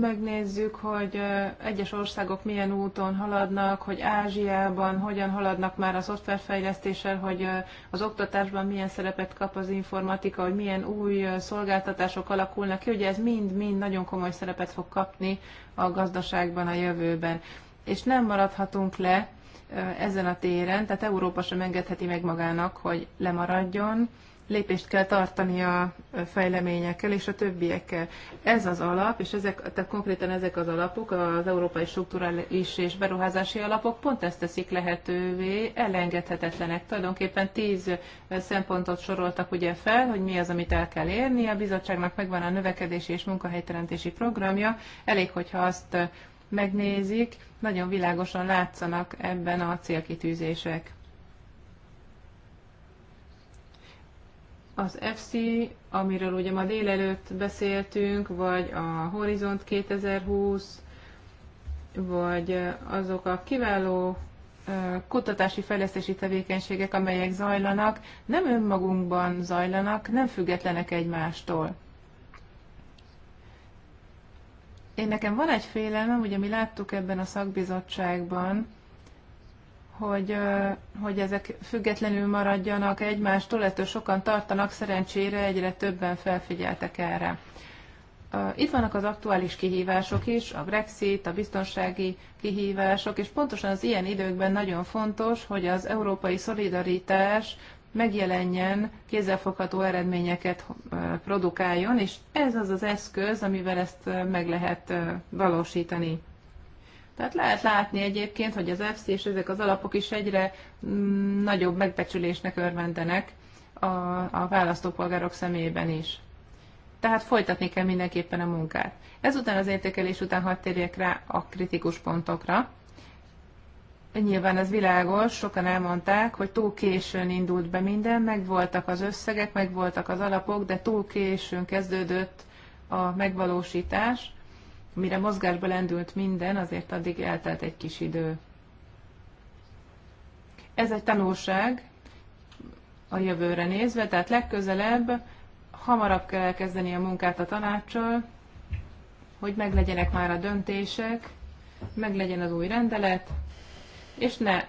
megnézzük, hogy egyes országok milyen úton haladnak, hogy Ázsiában hogyan haladnak már a szoftverfejlesztéssel, hogy az oktatásban milyen szerepet kap az informatika, hogy milyen új szolgáltatások alakulnak ki, ugye ez mind-mind nagyon komoly szerepet fog kapni a gazdaságban a jövőben és nem maradhatunk le ezen a téren, tehát Európa sem engedheti meg magának, hogy lemaradjon, lépést kell tartani a fejleményekkel és a többiekkel. Ez az alap, és ezek, tehát konkrétan ezek az alapok, az európai strukturális és beruházási alapok pont ezt teszik lehetővé, elengedhetetlenek. Tulajdonképpen tíz szempontot soroltak ugye fel, hogy mi az, amit el kell érni. A bizottságnak megvan a növekedési és munkahelyteremtési programja, elég, hogyha azt megnézik, nagyon világosan látszanak ebben a célkitűzések. Az FC, amiről ugye ma délelőtt beszéltünk, vagy a Horizont 2020, vagy azok a kiváló kutatási fejlesztési tevékenységek, amelyek zajlanak, nem önmagunkban zajlanak, nem függetlenek egymástól. Én nekem van egy félelmem, ugye mi láttuk ebben a szakbizottságban, hogy, hogy ezek függetlenül maradjanak egymástól, ettől sokan tartanak, szerencsére egyre többen felfigyeltek erre. Itt vannak az aktuális kihívások is, a Brexit, a biztonsági kihívások, és pontosan az ilyen időkben nagyon fontos, hogy az európai szolidaritás megjelenjen, kézzelfogható eredményeket eh, produkáljon, és ez az az eszköz, amivel ezt eh, meg lehet eh, valósítani. Tehát lehet látni egyébként, hogy az EFSZ és ezek az alapok is egyre mm, nagyobb megbecsülésnek örvendenek a, a választópolgárok szemében is. Tehát folytatni kell mindenképpen a munkát. Ezután az értékelés után hadd térjek rá a kritikus pontokra, Nyilván ez világos, sokan elmondták, hogy túl későn indult be minden, megvoltak az összegek, megvoltak az alapok, de túl későn kezdődött a megvalósítás, mire mozgásba lendült minden, azért addig eltelt egy kis idő. Ez egy tanulság a jövőre nézve, tehát legközelebb hamarabb kell elkezdeni a munkát a tanácssal, hogy meglegyenek már a döntések, meglegyen az új rendelet, és ne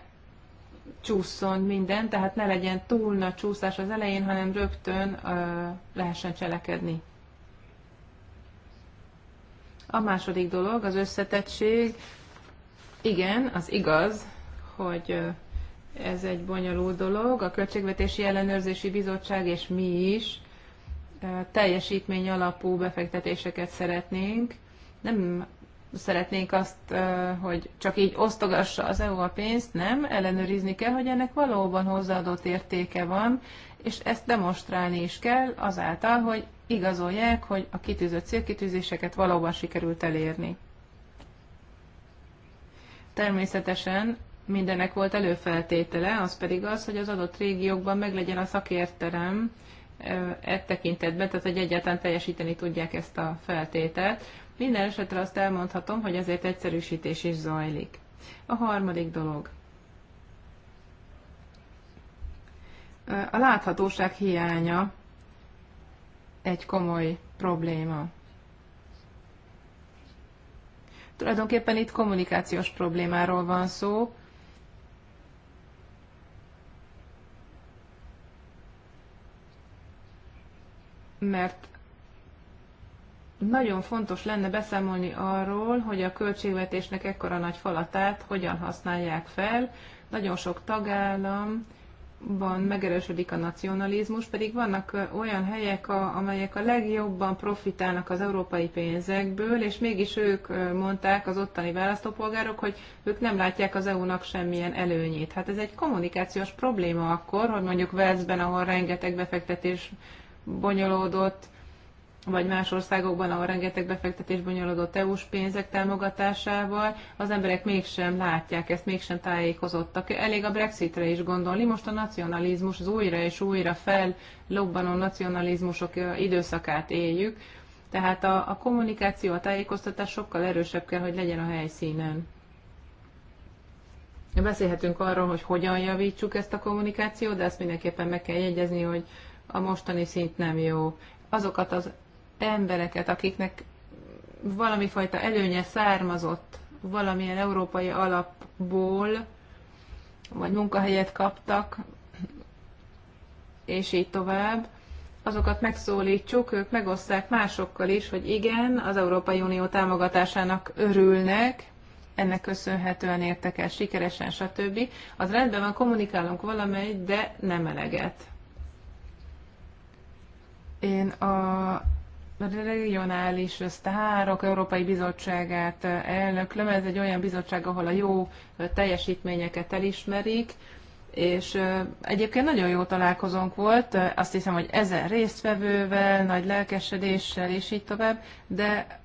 csúszson minden, tehát ne legyen túl nagy csúszás az elején, hanem rögtön ö, lehessen cselekedni. A második dolog, az összetettség. Igen, az igaz, hogy ez egy bonyolult dolog. A Költségvetési Ellenőrzési Bizottság és mi is teljesítmény alapú befektetéseket szeretnénk. Nem szeretnénk azt, hogy csak így osztogassa az EU a pénzt, nem, ellenőrizni kell, hogy ennek valóban hozzáadott értéke van, és ezt demonstrálni is kell azáltal, hogy igazolják, hogy a kitűzött célkitűzéseket valóban sikerült elérni. Természetesen mindenek volt előfeltétele, az pedig az, hogy az adott régiókban meglegyen a szakértelem e tekintetben, tehát hogy egyáltalán teljesíteni tudják ezt a feltételt. Minden esetre azt elmondhatom, hogy ezért egyszerűsítés is zajlik. A harmadik dolog. A láthatóság hiánya egy komoly probléma. Tulajdonképpen itt kommunikációs problémáról van szó, mert nagyon fontos lenne beszámolni arról, hogy a költségvetésnek ekkora nagy falatát hogyan használják fel. Nagyon sok tagállam van megerősödik a nacionalizmus, pedig vannak olyan helyek, a, amelyek a legjobban profitálnak az európai pénzekből, és mégis ők mondták az ottani választópolgárok, hogy ők nem látják az EU-nak semmilyen előnyét. Hát ez egy kommunikációs probléma akkor, hogy mondjuk Velszben, ahol rengeteg befektetés bonyolódott, vagy más országokban, ahol rengeteg befektetés bonyolodott EU-s pénzek támogatásával, az emberek mégsem látják ezt, mégsem tájékozottak. Elég a Brexitre is gondolni. Most a nacionalizmus, az újra és újra fellobbanó nacionalizmusok időszakát éljük. Tehát a, a kommunikáció, a tájékoztatás sokkal erősebb kell, hogy legyen a helyszínen. Beszélhetünk arról, hogy hogyan javítsuk ezt a kommunikációt, de ezt mindenképpen meg kell jegyezni, hogy a mostani szint nem jó. Azokat az embereket, akiknek valami fajta előnye származott valamilyen európai alapból, vagy munkahelyet kaptak, és így tovább, azokat megszólítsuk, ők megosszák másokkal is, hogy igen, az Európai Unió támogatásának örülnek, ennek köszönhetően értek el sikeresen, stb. Az rendben van, kommunikálunk valamelyik, de nem eleget. Én a regionális sztárok Európai Bizottságát eh, elnök Ez egy olyan bizottság, ahol a jó eh, teljesítményeket elismerik, és eh, egyébként nagyon jó találkozónk volt, azt hiszem, hogy ezen résztvevővel, nagy lelkesedéssel, és így tovább, de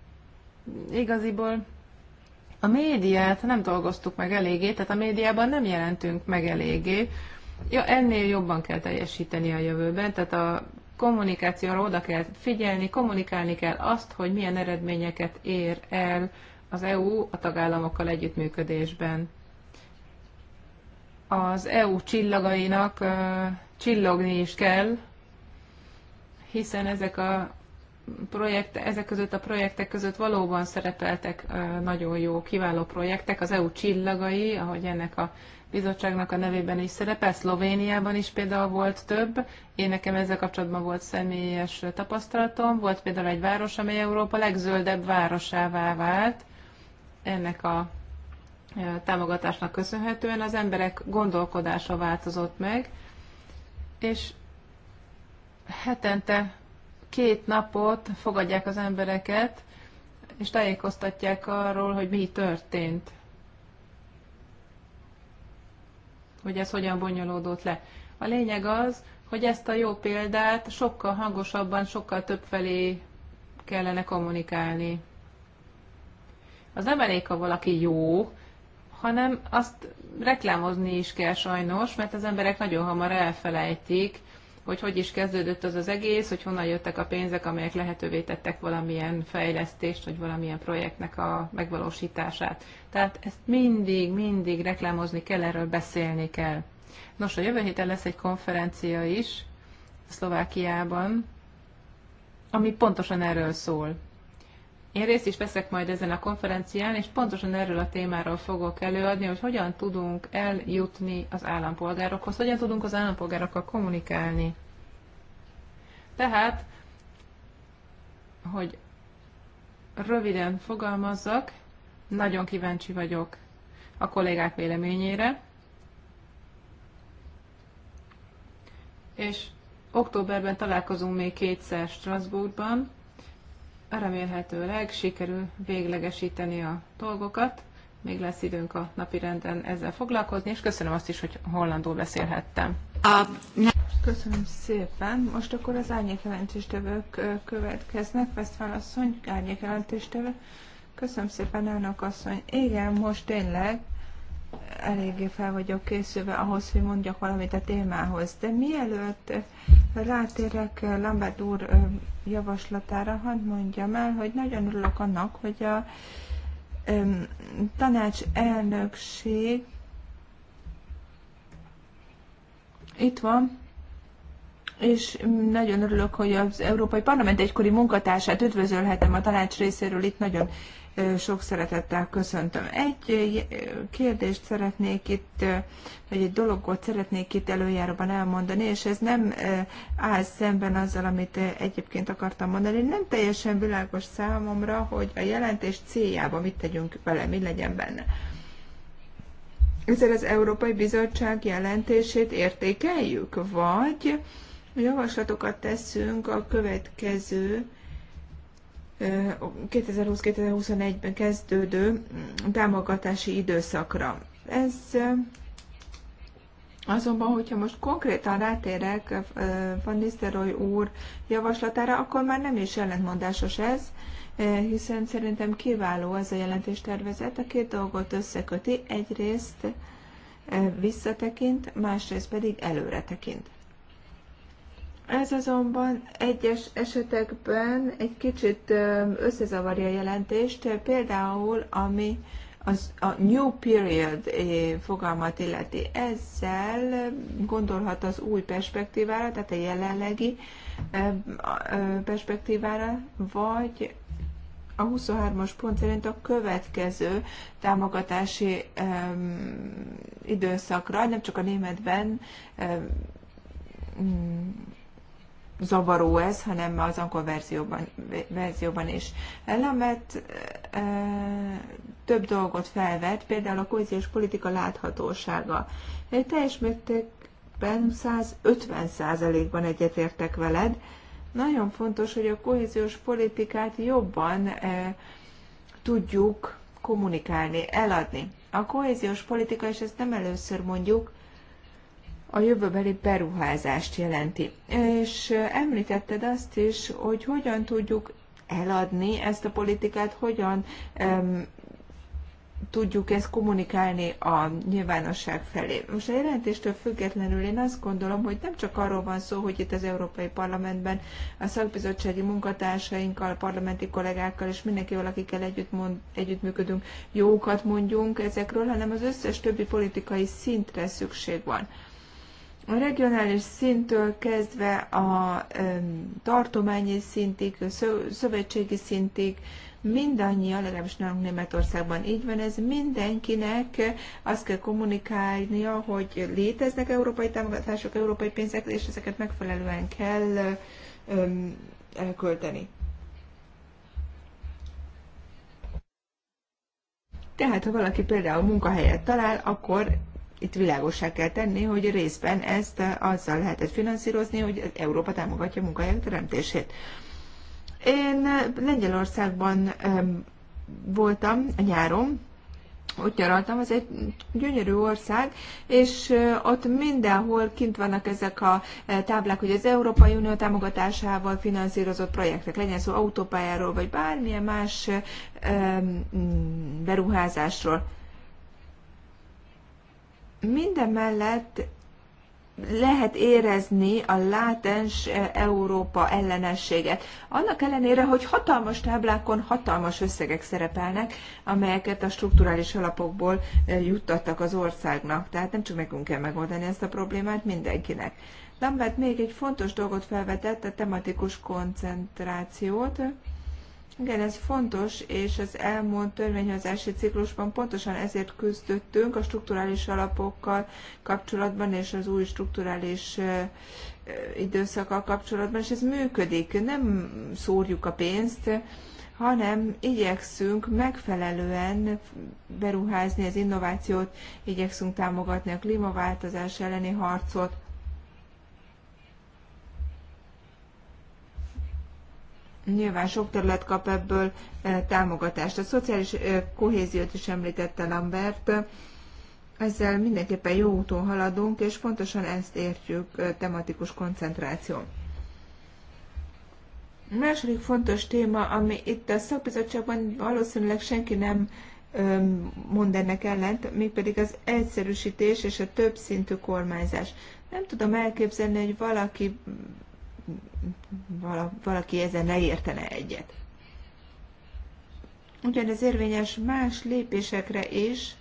igaziból a médiát nem dolgoztuk meg eléggé, tehát a médiában nem jelentünk meg eléggé. Ja, ennél jobban kell teljesíteni a jövőben, tehát a kommunikációra oda kell figyelni, kommunikálni kell azt, hogy milyen eredményeket ér el az EU a tagállamokkal együttműködésben. Az EU csillagainak csillogni is kell, hiszen ezek a projekt, ezek között a projektek között valóban szerepeltek nagyon jó, kiváló projektek, az EU csillagai, ahogy ennek a bizottságnak a nevében is szerepel, Szlovéniában is például volt több, én nekem ezzel kapcsolatban volt személyes tapasztalatom, volt például egy város, amely Európa legzöldebb városává vált, ennek a e, támogatásnak köszönhetően az emberek gondolkodása változott meg, és hetente két napot fogadják az embereket, és tájékoztatják arról, hogy mi történt hogy ez hogyan bonyolódott le. A lényeg az, hogy ezt a jó példát sokkal hangosabban, sokkal több felé kellene kommunikálni. Az nem elég, ha valaki jó, hanem azt reklámozni is kell sajnos, mert az emberek nagyon hamar elfelejtik, hogy hogy is kezdődött az az egész, hogy honnan jöttek a pénzek, amelyek lehetővé tettek valamilyen fejlesztést, vagy valamilyen projektnek a megvalósítását. Tehát ezt mindig, mindig reklámozni kell, erről beszélni kell. Nos, a jövő héten lesz egy konferencia is Szlovákiában, ami pontosan erről szól. Én részt is veszek majd ezen a konferencián, és pontosan erről a témáról fogok előadni, hogy hogyan tudunk eljutni az állampolgárokhoz, hogyan tudunk az állampolgárokkal kommunikálni. Tehát, hogy röviden fogalmazzak, nagyon kíváncsi vagyok a kollégák véleményére, és októberben találkozunk még kétszer Strasbourgban, remélhetőleg sikerül véglegesíteni a dolgokat. Még lesz időnk a napirenden ezzel foglalkozni, és köszönöm azt is, hogy hollandul beszélhettem. Köszönöm szépen. Most akkor az árnyékjelentéstevők következnek. Westphal asszony, árnyékjelentéstevő. Köszönöm szépen, elnök asszony. Igen, most tényleg eléggé fel vagyok készülve ahhoz, hogy mondjak valamit a témához. De mielőtt rátérek Lambert úr javaslatára, hadd mondjam el, hogy nagyon örülök annak, hogy a tanács elnökség itt van, és nagyon örülök, hogy az Európai Parlament egykori munkatársát üdvözölhetem a tanács részéről, itt nagyon sok szeretettel köszöntöm. Egy kérdést szeretnék itt, vagy egy dologot szeretnék itt előjáróban elmondani, és ez nem áll szemben azzal, amit egyébként akartam mondani. Nem teljesen világos számomra, hogy a jelentés céljába mit tegyünk vele, mi legyen benne. Ezért az Európai Bizottság jelentését értékeljük, vagy javaslatokat teszünk a következő 2020-2021-ben kezdődő támogatási időszakra. Ez eh, Azonban, hogyha most konkrétan rátérek eh, Van Nisztelrooy úr javaslatára, akkor már nem is ellentmondásos ez, eh, hiszen szerintem kiváló ez a jelentéstervezet. A két dolgot összeköti, egyrészt visszatekint, másrészt pedig előre tekint. Ez azonban egyes esetekben egy kicsit összezavarja a jelentést, például ami az a new period fogalmat illeti. Ezzel gondolhat az új perspektívára, tehát a jelenlegi perspektívára, vagy a 23-as pont szerint a következő támogatási időszakra, nem csak a németben zavaró ez, hanem az angol verzióban, verzióban is. Elemet e, eh, több dolgot felvett, például a kohéziós politika láthatósága. Egy eh, teljes mértékben 150 ban egyetértek veled. Nagyon fontos, hogy a kohéziós politikát jobban e, tudjuk kommunikálni, eladni. A kohéziós politika, és ezt nem először mondjuk, a jövőbeli beruházást jelenti. És említetted azt is, hogy hogyan tudjuk eladni ezt a politikát, hogyan um, tudjuk ezt kommunikálni a nyilvánosság felé. Most a jelentéstől függetlenül én azt gondolom, hogy nem csak arról van szó, hogy itt az Európai Parlamentben a szakbizottsági munkatársainkkal, parlamenti kollégákkal és mindenkivel, akikkel együtt mond, együttműködünk, jókat mondjunk ezekről, hanem az összes többi politikai szintre szükség van. A regionális szintől kezdve a tartományi szintig, szövetségi szintig, mindannyian, legalábbis nálunk Németországban így van, ez mindenkinek azt kell kommunikálnia, hogy léteznek európai támogatások, európai pénzek, és ezeket megfelelően kell elkölteni. Tehát, ha valaki például munkahelyet talál, akkor itt világosá kell tenni, hogy részben ezt azzal lehetett finanszírozni, hogy Európa támogatja munkahelyek teremtését. Én Lengyelországban voltam a nyáron, ott nyaraltam, ez egy gyönyörű ország, és ott mindenhol kint vannak ezek a e, táblák, hogy az Európai Unió támogatásával finanszírozott projektek, legyen szó autópályáról, vagy bármilyen más beruházásról. Minden mellett lehet érezni a látens eh, Európa ellenességet. Annak ellenére, hogy hatalmas táblákon hatalmas összegek szerepelnek, amelyeket a strukturális alapokból eh, juttattak az országnak. Tehát nem csak nekünk kell megoldani ezt a problémát, mindenkinek. Lambert még egy fontos dolgot felvetett, a tematikus koncentrációt. Igen, ez fontos, és az elmúlt törvényhozási ciklusban pontosan ezért küzdöttünk a strukturális alapokkal kapcsolatban és az új strukturális időszakkal kapcsolatban, és ez működik. Nem szórjuk a pénzt, hanem igyekszünk megfelelően beruházni az innovációt, igyekszünk támogatni a klímaváltozás elleni harcot, Nyilván sok terület kap ebből eh, támogatást. A szociális eh, kohéziót is említette Lambert. Ezzel mindenképpen jó úton haladunk, és pontosan ezt értjük eh, tematikus koncentráció. A második fontos téma, ami itt a szakbizottságban valószínűleg senki nem mond ennek ellent, mégpedig az egyszerűsítés és a többszintű kormányzás. Nem tudom elképzelni, hogy valaki valaki ezen ne értene egyet. Ugyanez érvényes más lépésekre is,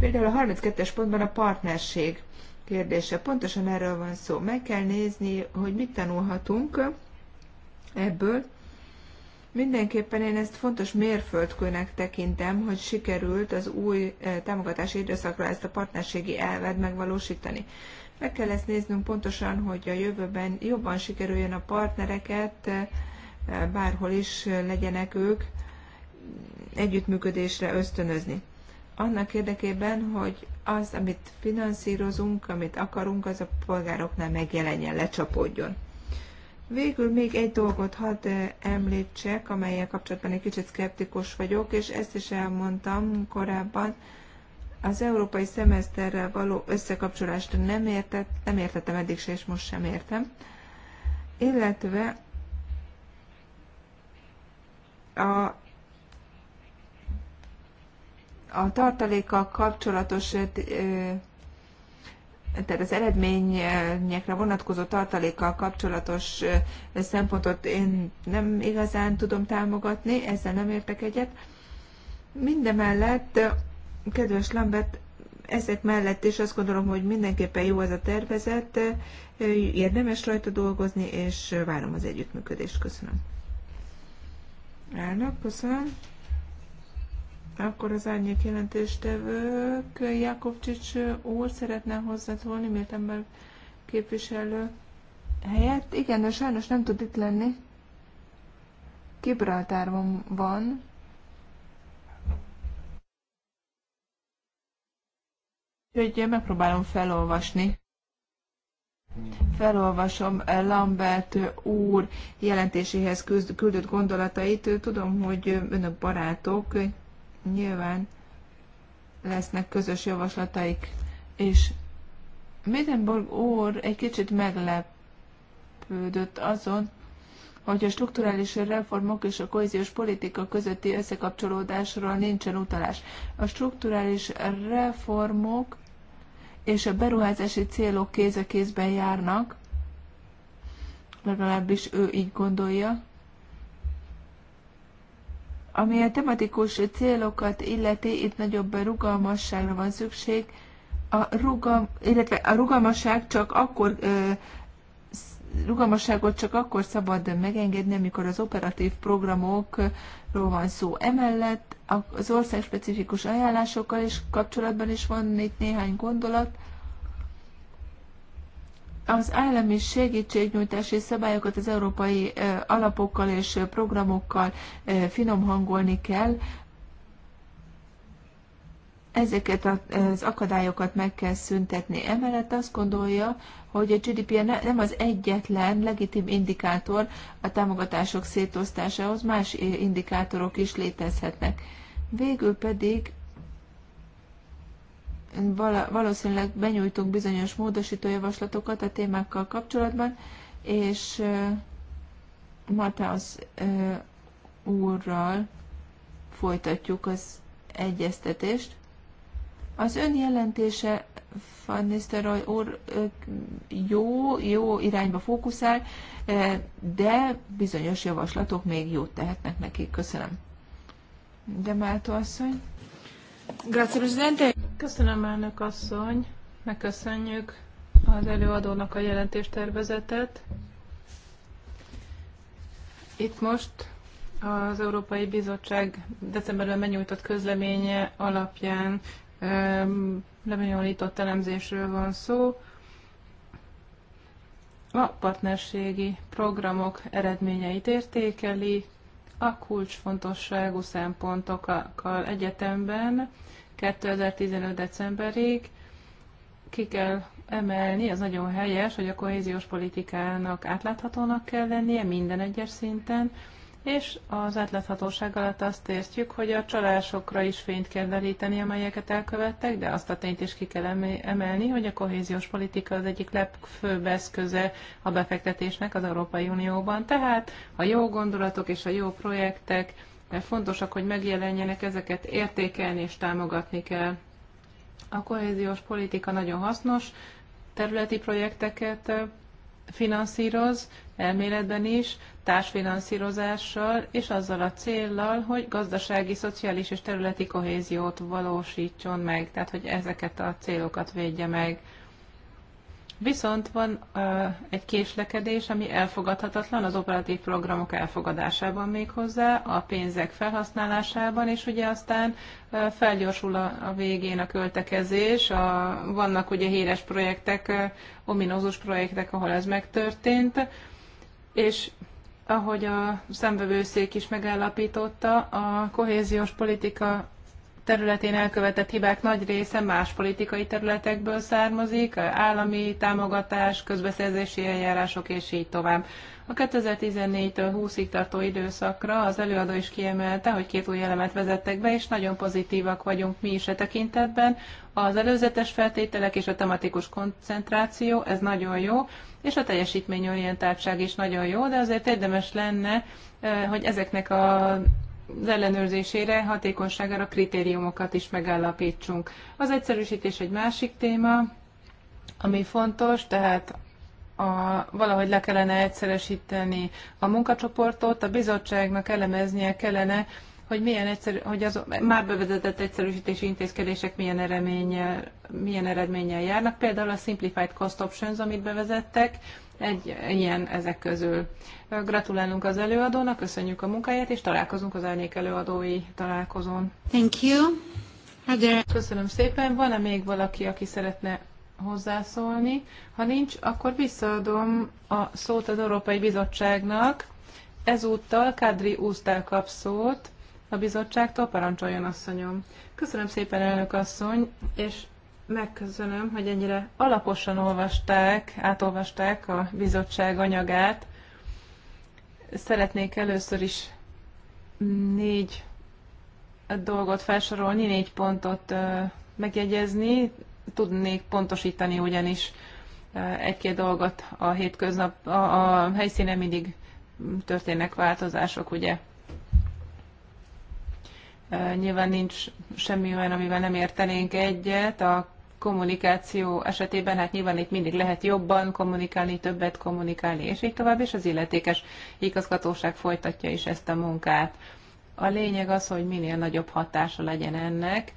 Például a 32-es pontban a partnerség kérdése. Pontosan erről van szó. Meg kell nézni, hogy mit tanulhatunk ebből, Mindenképpen én ezt fontos mérföldkőnek tekintem, hogy sikerült az új eh, támogatási időszakra ezt a partnerségi elvet megvalósítani. Meg kell ezt néznünk pontosan, hogy a jövőben jobban sikerüljön a partnereket, eh, eh, bárhol is legyenek ők, együttműködésre ösztönözni. Annak érdekében, hogy az, amit finanszírozunk, amit akarunk, az a polgároknál megjelenjen, lecsapódjon. Végül még egy dolgot hadd említsek, amelyek kapcsolatban egy kicsit szkeptikus vagyok, és ezt is elmondtam korábban, az európai szemeszterrel való összekapcsolást nem, értett, nem értettem eddig se, és most sem értem. Illetve a, a tartalékkal kapcsolatos ö, tehát az eredményekre vonatkozó tartalékkal kapcsolatos szempontot én nem igazán tudom támogatni, ezzel nem értek egyet. Mindemellett, kedves Lambert, ezek mellett is azt gondolom, hogy mindenképpen jó ez a tervezet, érdemes rajta dolgozni, és várom az együttműködést. Köszönöm. Elnök, köszönöm. Akkor az árnyék jelentéstevők, Jakovcsics úr szeretne hozzátolni, ember képviselő helyett. Igen, de sajnos nem tud itt lenni. Gibraltárban van. Úgyhogy megpróbálom felolvasni. Felolvasom Lambert úr jelentéséhez küldött gondolatait. Tudom, hogy önök barátok, nyilván lesznek közös javaslataik, és Medenborg úr egy kicsit meglepődött azon, hogy a strukturális reformok és a kohéziós politika közötti összekapcsolódásról nincsen utalás. A strukturális reformok és a beruházási célok kéz a kézben járnak, legalábbis ő így gondolja. Ami a tematikus célokat illeti, itt nagyobb rugalmasságra van szükség, a rugam, illetve a rugalmasság csak akkor rugalmasságot csak akkor szabad megengedni, amikor az operatív programokról van szó. Emellett az országspecifikus ajánlásokkal is kapcsolatban is van itt néhány gondolat az állami segítségnyújtási szabályokat az európai alapokkal és programokkal finomhangolni kell. Ezeket az akadályokat meg kell szüntetni. Emellett azt gondolja, hogy a GDP nem az egyetlen legitim indikátor a támogatások szétosztásához, más indikátorok is létezhetnek. Végül pedig valószínűleg benyújtunk bizonyos módosító javaslatokat a témákkal kapcsolatban, és Matász úrral folytatjuk az egyeztetést. Az ön jelentése, Van Nistelrooy úr, jó, jó irányba fókuszál, de bizonyos javaslatok még jót tehetnek neki. Köszönöm. De Mátó asszony. Grazie, Presidente. Köszönöm, elnök asszony. Megköszönjük az előadónak a jelentéstervezetet. Itt most az Európai Bizottság decemberben megnyújtott közleménye alapján lebonyolított elemzésről van szó. A partnerségi programok eredményeit értékeli, a kulcsfontosságú szempontokkal egyetemben 2015. decemberig ki kell emelni, az nagyon helyes, hogy a kohéziós politikának átláthatónak kell lennie minden egyes szinten, és az átláthatóság alatt azt értjük, hogy a csalásokra is fényt kell deríteni, amelyeket elkövettek, de azt a tényt is ki kell emelni, hogy a kohéziós politika az egyik legfőbb eszköze a befektetésnek az Európai Unióban. Tehát a jó gondolatok és a jó projektek fontosak, hogy megjelenjenek, ezeket értékelni és támogatni kell. A kohéziós politika nagyon hasznos, területi projekteket eh, finanszíroz, elméletben is, társfinanszírozással és azzal a céllal, hogy gazdasági, szociális és területi kohéziót valósítson meg, tehát hogy ezeket a célokat védje meg. Viszont van uh, egy késlekedés, ami elfogadhatatlan az operatív programok elfogadásában még hozzá, a pénzek felhasználásában, és ugye aztán uh, felgyorsul a, a végén a költekezés. A, vannak ugye híres projektek, uh, ominózus projektek, ahol ez megtörtént, és ahogy a szembevőszék is megállapította, a kohéziós politika területén elkövetett hibák nagy része más politikai területekből származik, állami támogatás, közbeszerzési eljárások és így tovább. A 2014-től 20-ig tartó időszakra az előadó is kiemelte, hogy két új elemet vezettek be, és nagyon pozitívak vagyunk mi is a e tekintetben. Az előzetes feltételek és a tematikus koncentráció, ez nagyon jó, és a teljesítményorientáltság is nagyon jó, de azért érdemes lenne, eh, hogy ezeknek a az ellenőrzésére, hatékonyságára kritériumokat is megállapítsunk. Az egyszerűsítés egy másik téma, ami fontos, tehát a, valahogy le kellene egyszeresíteni a munkacsoportot, a bizottságnak elemeznie kellene, hogy, milyen egyszerű, hogy az már bevezetett egyszerűsítési intézkedések milyen eredménye, milyen eredménnyel járnak. Például a Simplified Cost Options, amit bevezettek, egy ilyen ezek közül. Gratulálunk az előadónak, köszönjük a munkáját, és találkozunk az árnyék előadói találkozón. Thank you. There... Köszönöm szépen. Van-e még valaki, aki szeretne hozzászólni? Ha nincs, akkor visszaadom a szót az Európai Bizottságnak. Ezúttal Kadri Úsztál kap szót a bizottságtól, parancsoljon asszonyom. Köszönöm szépen, elnök asszony, és megköszönöm, hogy ennyire alaposan olvasták, átolvasták a bizottság anyagát. Szeretnék először is négy dolgot felsorolni, négy pontot megjegyezni, tudnék pontosítani ugyanis egy-két dolgot a hétköznap, a, a helyszínen mindig történnek változások, ugye nyilván nincs semmi olyan, amivel nem értenénk egyet. A kommunikáció esetében, hát nyilván itt mindig lehet jobban kommunikálni, többet kommunikálni, és így tovább, és az illetékes igazgatóság folytatja is ezt a munkát. A lényeg az, hogy minél nagyobb hatása legyen ennek,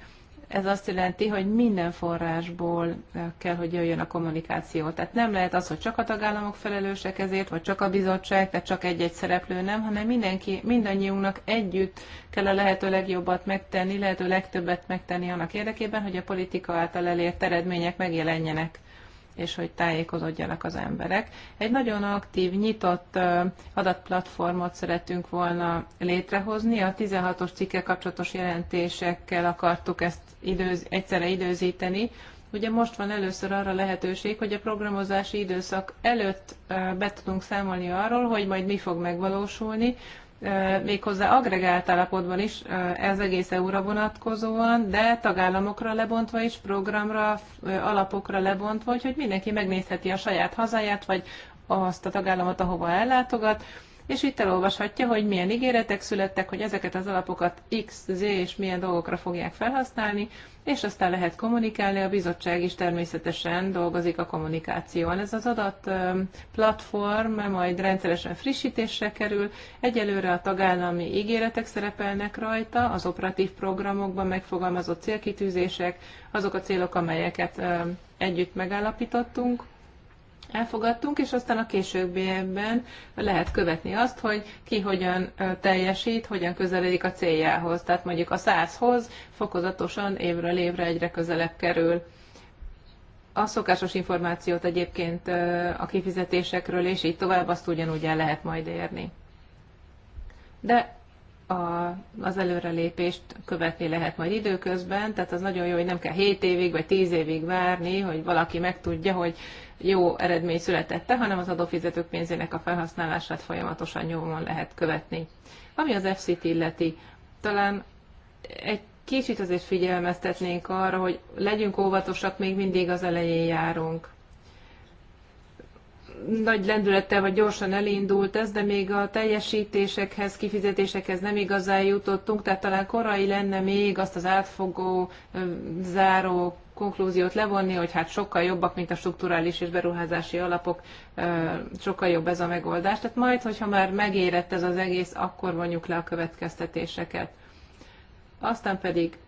ez azt jelenti, hogy minden forrásból eh, kell, hogy jöjjön a kommunikáció. Tehát nem lehet az, hogy csak a tagállamok felelősek ezért, vagy csak a bizottság, tehát csak egy-egy szereplő nem, hanem mindenki, mindannyiunknak együtt kell a lehető legjobbat megtenni, lehető legtöbbet megtenni annak érdekében, hogy a politika által elért eredmények megjelenjenek és hogy tájékozódjanak az emberek. Egy nagyon aktív, nyitott adatplatformot szeretünk volna létrehozni. A 16-os cikkel kapcsolatos jelentésekkel akartuk ezt időz, egyszerre időzíteni, Ugye most van először arra lehetőség, hogy a programozási időszak előtt be tudunk számolni arról, hogy majd mi fog megvalósulni, méghozzá agregált állapotban is, ez egész EU-ra vonatkozóan, de tagállamokra lebontva is, programra, alapokra lebontva, hogy mindenki megnézheti a saját hazáját, vagy azt a tagállamot, ahova ellátogat, és itt elolvashatja, hogy milyen ígéretek születtek, hogy ezeket az alapokat X, Z és milyen dolgokra fogják felhasználni, és aztán lehet kommunikálni, a bizottság is természetesen dolgozik a kommunikáción. Ez az adat platform majd rendszeresen frissítésre kerül, egyelőre a tagállami ígéretek szerepelnek rajta, az operatív programokban megfogalmazott célkitűzések, azok a célok, amelyeket együtt megállapítottunk, elfogadtunk, és aztán a későbbiekben lehet követni azt, hogy ki hogyan teljesít, hogyan közeledik a céljához. Tehát mondjuk a százhoz fokozatosan évről évre egyre közelebb kerül. A szokásos információt egyébként a kifizetésekről, és így tovább azt ugyanúgy el lehet majd érni. De a, az előrelépést követni lehet majd időközben, tehát az nagyon jó, hogy nem kell 7 évig vagy 10 évig várni, hogy valaki megtudja, hogy jó eredmény születette, hanem az adófizetők pénzének a felhasználását folyamatosan nyomon lehet követni. Ami az FCT illeti, talán egy kicsit azért figyelmeztetnénk arra, hogy legyünk óvatosak, még mindig az elején járunk. Nagy lendülettel vagy gyorsan elindult ez, de még a teljesítésekhez, kifizetésekhez nem igazán jutottunk, tehát talán korai lenne még azt az átfogó, záró konklúziót levonni, hogy hát sokkal jobbak, mint a strukturális és beruházási alapok, sokkal jobb ez a megoldás. Tehát majd, hogyha már megérett ez az egész, akkor vonjuk le a következtetéseket. Aztán pedig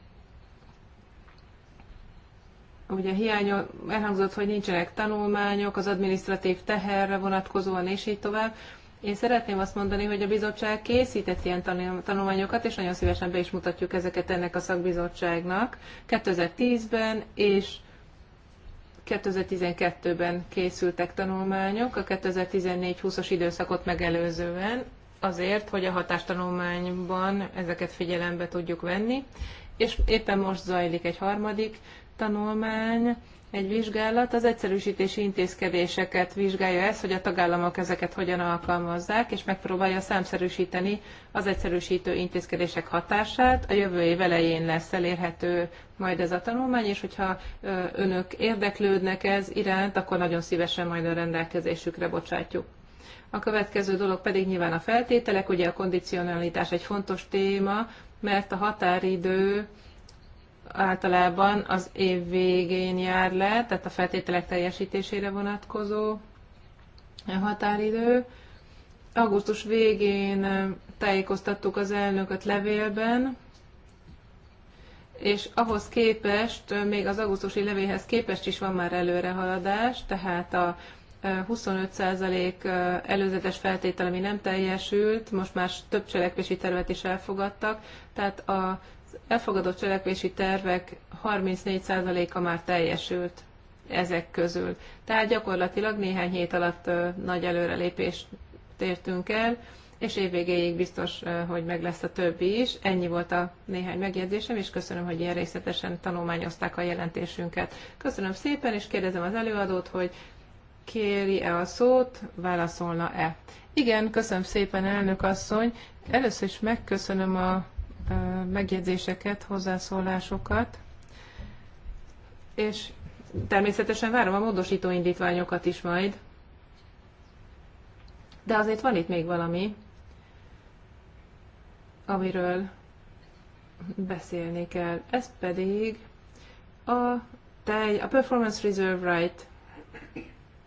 ugye hiány, elhangzott, hogy nincsenek tanulmányok az administratív teherre vonatkozóan, és így tovább. Én szeretném azt mondani, hogy a bizottság készített ilyen tanulmányokat, és nagyon szívesen be is mutatjuk ezeket ennek a szakbizottságnak. 2010-ben és 2012-ben készültek tanulmányok, a 2014-20-as időszakot megelőzően, azért, hogy a hatástanulmányban ezeket figyelembe tudjuk venni, és éppen most zajlik egy harmadik tanulmány, egy vizsgálat az egyszerűsítési intézkedéseket vizsgálja ezt, hogy a tagállamok ezeket hogyan alkalmazzák, és megpróbálja számszerűsíteni az egyszerűsítő intézkedések hatását. A jövő év elején lesz elérhető majd ez a tanulmány, és hogyha önök érdeklődnek ez iránt, akkor nagyon szívesen majd a rendelkezésükre bocsátjuk. A következő dolog pedig nyilván a feltételek, ugye a kondicionalitás egy fontos téma, mert a határidő általában az év végén jár le, tehát a feltételek teljesítésére vonatkozó határidő. Augusztus végén tájékoztattuk az elnököt levélben, és ahhoz képest, még az augusztusi levélhez képest is van már előrehaladás, tehát a 25% előzetes feltétel, ami nem teljesült, most már több cselekvési tervet is elfogadtak, tehát a elfogadott cselekvési tervek 34%-a már teljesült ezek közül. Tehát gyakorlatilag néhány hét alatt nagy előrelépést tértünk el, és évvégéig biztos, hogy meg lesz a többi is. Ennyi volt a néhány megjegyzésem, és köszönöm, hogy ilyen részletesen tanulmányozták a jelentésünket. Köszönöm szépen, és kérdezem az előadót, hogy kéri-e a szót, válaszolna-e. Igen, köszönöm szépen, elnök asszony. Először is megköszönöm a megjegyzéseket, hozzászólásokat, és természetesen várom a módosító indítványokat is majd, de azért van itt még valami, amiről beszélni kell. Ez pedig a, tej, a Performance Reserve Right,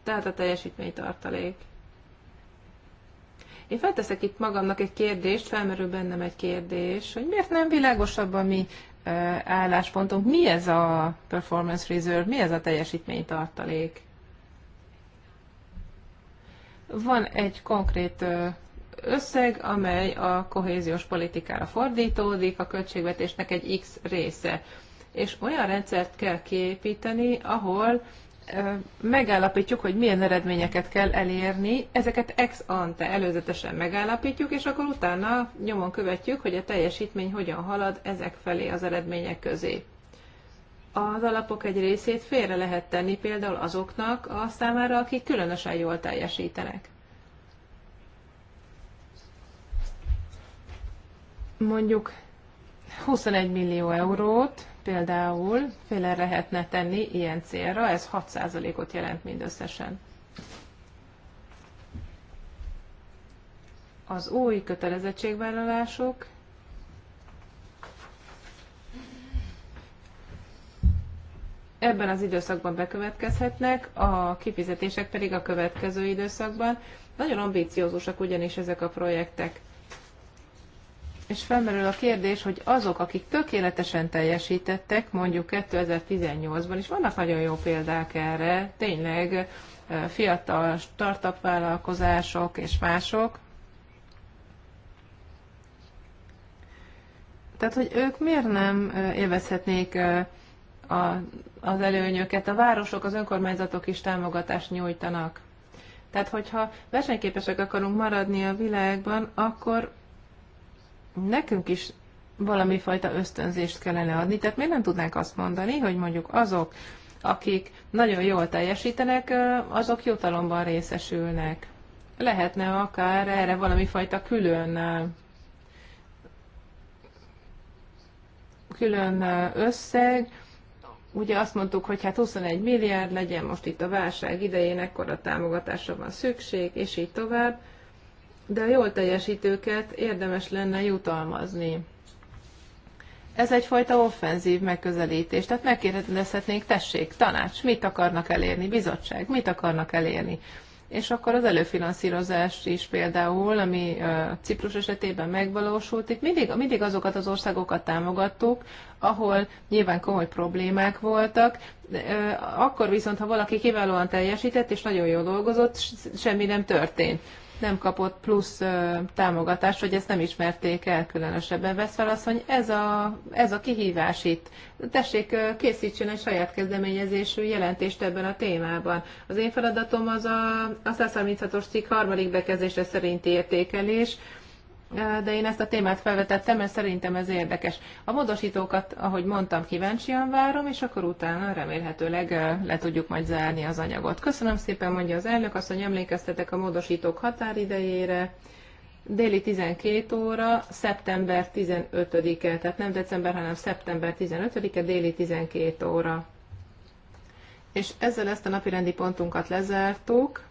tehát a teljesítménytartalék. tartalék. Én felteszek itt magamnak egy kérdést, felmerül bennem egy kérdés, hogy miért nem világosabb a mi álláspontunk? Mi ez a performance reserve? Mi ez a teljesítménytartalék? Van egy konkrét összeg, amely a kohéziós politikára fordítódik, a költségvetésnek egy X része. És olyan rendszert kell kiépíteni, ahol megállapítjuk, hogy milyen eredményeket kell elérni, ezeket ex ante előzetesen megállapítjuk, és akkor utána nyomon követjük, hogy a teljesítmény hogyan halad ezek felé az eredmények közé. Az alapok egy részét félre lehet tenni például azoknak a számára, akik különösen jól teljesítenek. Mondjuk 21 millió eurót például féle lehetne tenni ilyen célra, ez 6%-ot jelent mindösszesen. Az új kötelezettségvállalások ebben az időszakban bekövetkezhetnek, a kifizetések pedig a következő időszakban. Nagyon ambíciózusak ugyanis ezek a projektek és felmerül a kérdés, hogy azok, akik tökéletesen teljesítettek, mondjuk 2018-ban, és vannak nagyon jó példák erre, tényleg fiatal startup vállalkozások és mások, Tehát, hogy ők miért nem élvezhetnék a, az előnyöket? A városok, az önkormányzatok is támogatást nyújtanak. Tehát, hogyha versenyképesek akarunk maradni a világban, akkor nekünk is valami fajta ösztönzést kellene adni. Tehát miért nem tudnánk azt mondani, hogy mondjuk azok, akik nagyon jól teljesítenek, azok jutalomban részesülnek. Lehetne akár erre valami fajta külön külön összeg. Ugye azt mondtuk, hogy hát 21 milliárd legyen most itt a válság idején, ekkora támogatásra van szükség, és így tovább de a jól teljesítőket érdemes lenne jutalmazni. Ez egyfajta offenzív megközelítés, tehát megkérdezhetnénk, tessék, tanács, mit akarnak elérni, bizottság, mit akarnak elérni. És akkor az előfinanszírozás is például, ami Ciprus esetében megvalósult, itt mindig, mindig azokat az országokat támogattuk, ahol nyilván komoly problémák voltak, akkor viszont, ha valaki kiválóan teljesített és nagyon jól dolgozott, semmi nem történt nem kapott plusz ö, támogatást, vagy ezt nem ismerték el különösebben. azt, hogy ez a, ez a kihívás itt. Tessék, készítsen egy saját kezdeményezésű jelentést ebben a témában. Az én feladatom az a, a 136-os cikk harmadik bekezdése szerinti értékelés, de én ezt a témát felvetettem, mert szerintem ez érdekes. A módosítókat, ahogy mondtam, kíváncsian várom, és akkor utána remélhetőleg le tudjuk majd zárni az anyagot. Köszönöm szépen, mondja az elnök, azt, hogy emlékeztetek a módosítók határidejére. Déli 12 óra, szeptember 15-e, tehát nem december, hanem szeptember 15-e, déli 12 óra. És ezzel ezt a napirendi pontunkat lezártuk.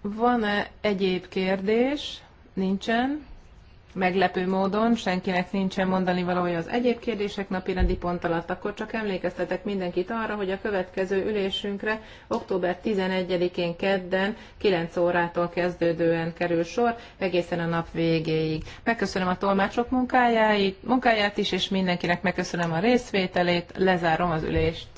Van-e egyéb kérdés? nincsen. Meglepő módon senkinek nincsen mondani valója az egyéb kérdések napi rendi pont alatt, akkor csak emlékeztetek mindenkit arra, hogy a következő ülésünkre október 11-én kedden 9 órától kezdődően kerül sor, egészen a nap végéig. Megköszönöm a tolmácsok munkáját, munkáját is, és mindenkinek megköszönöm a részvételét, lezárom az ülést.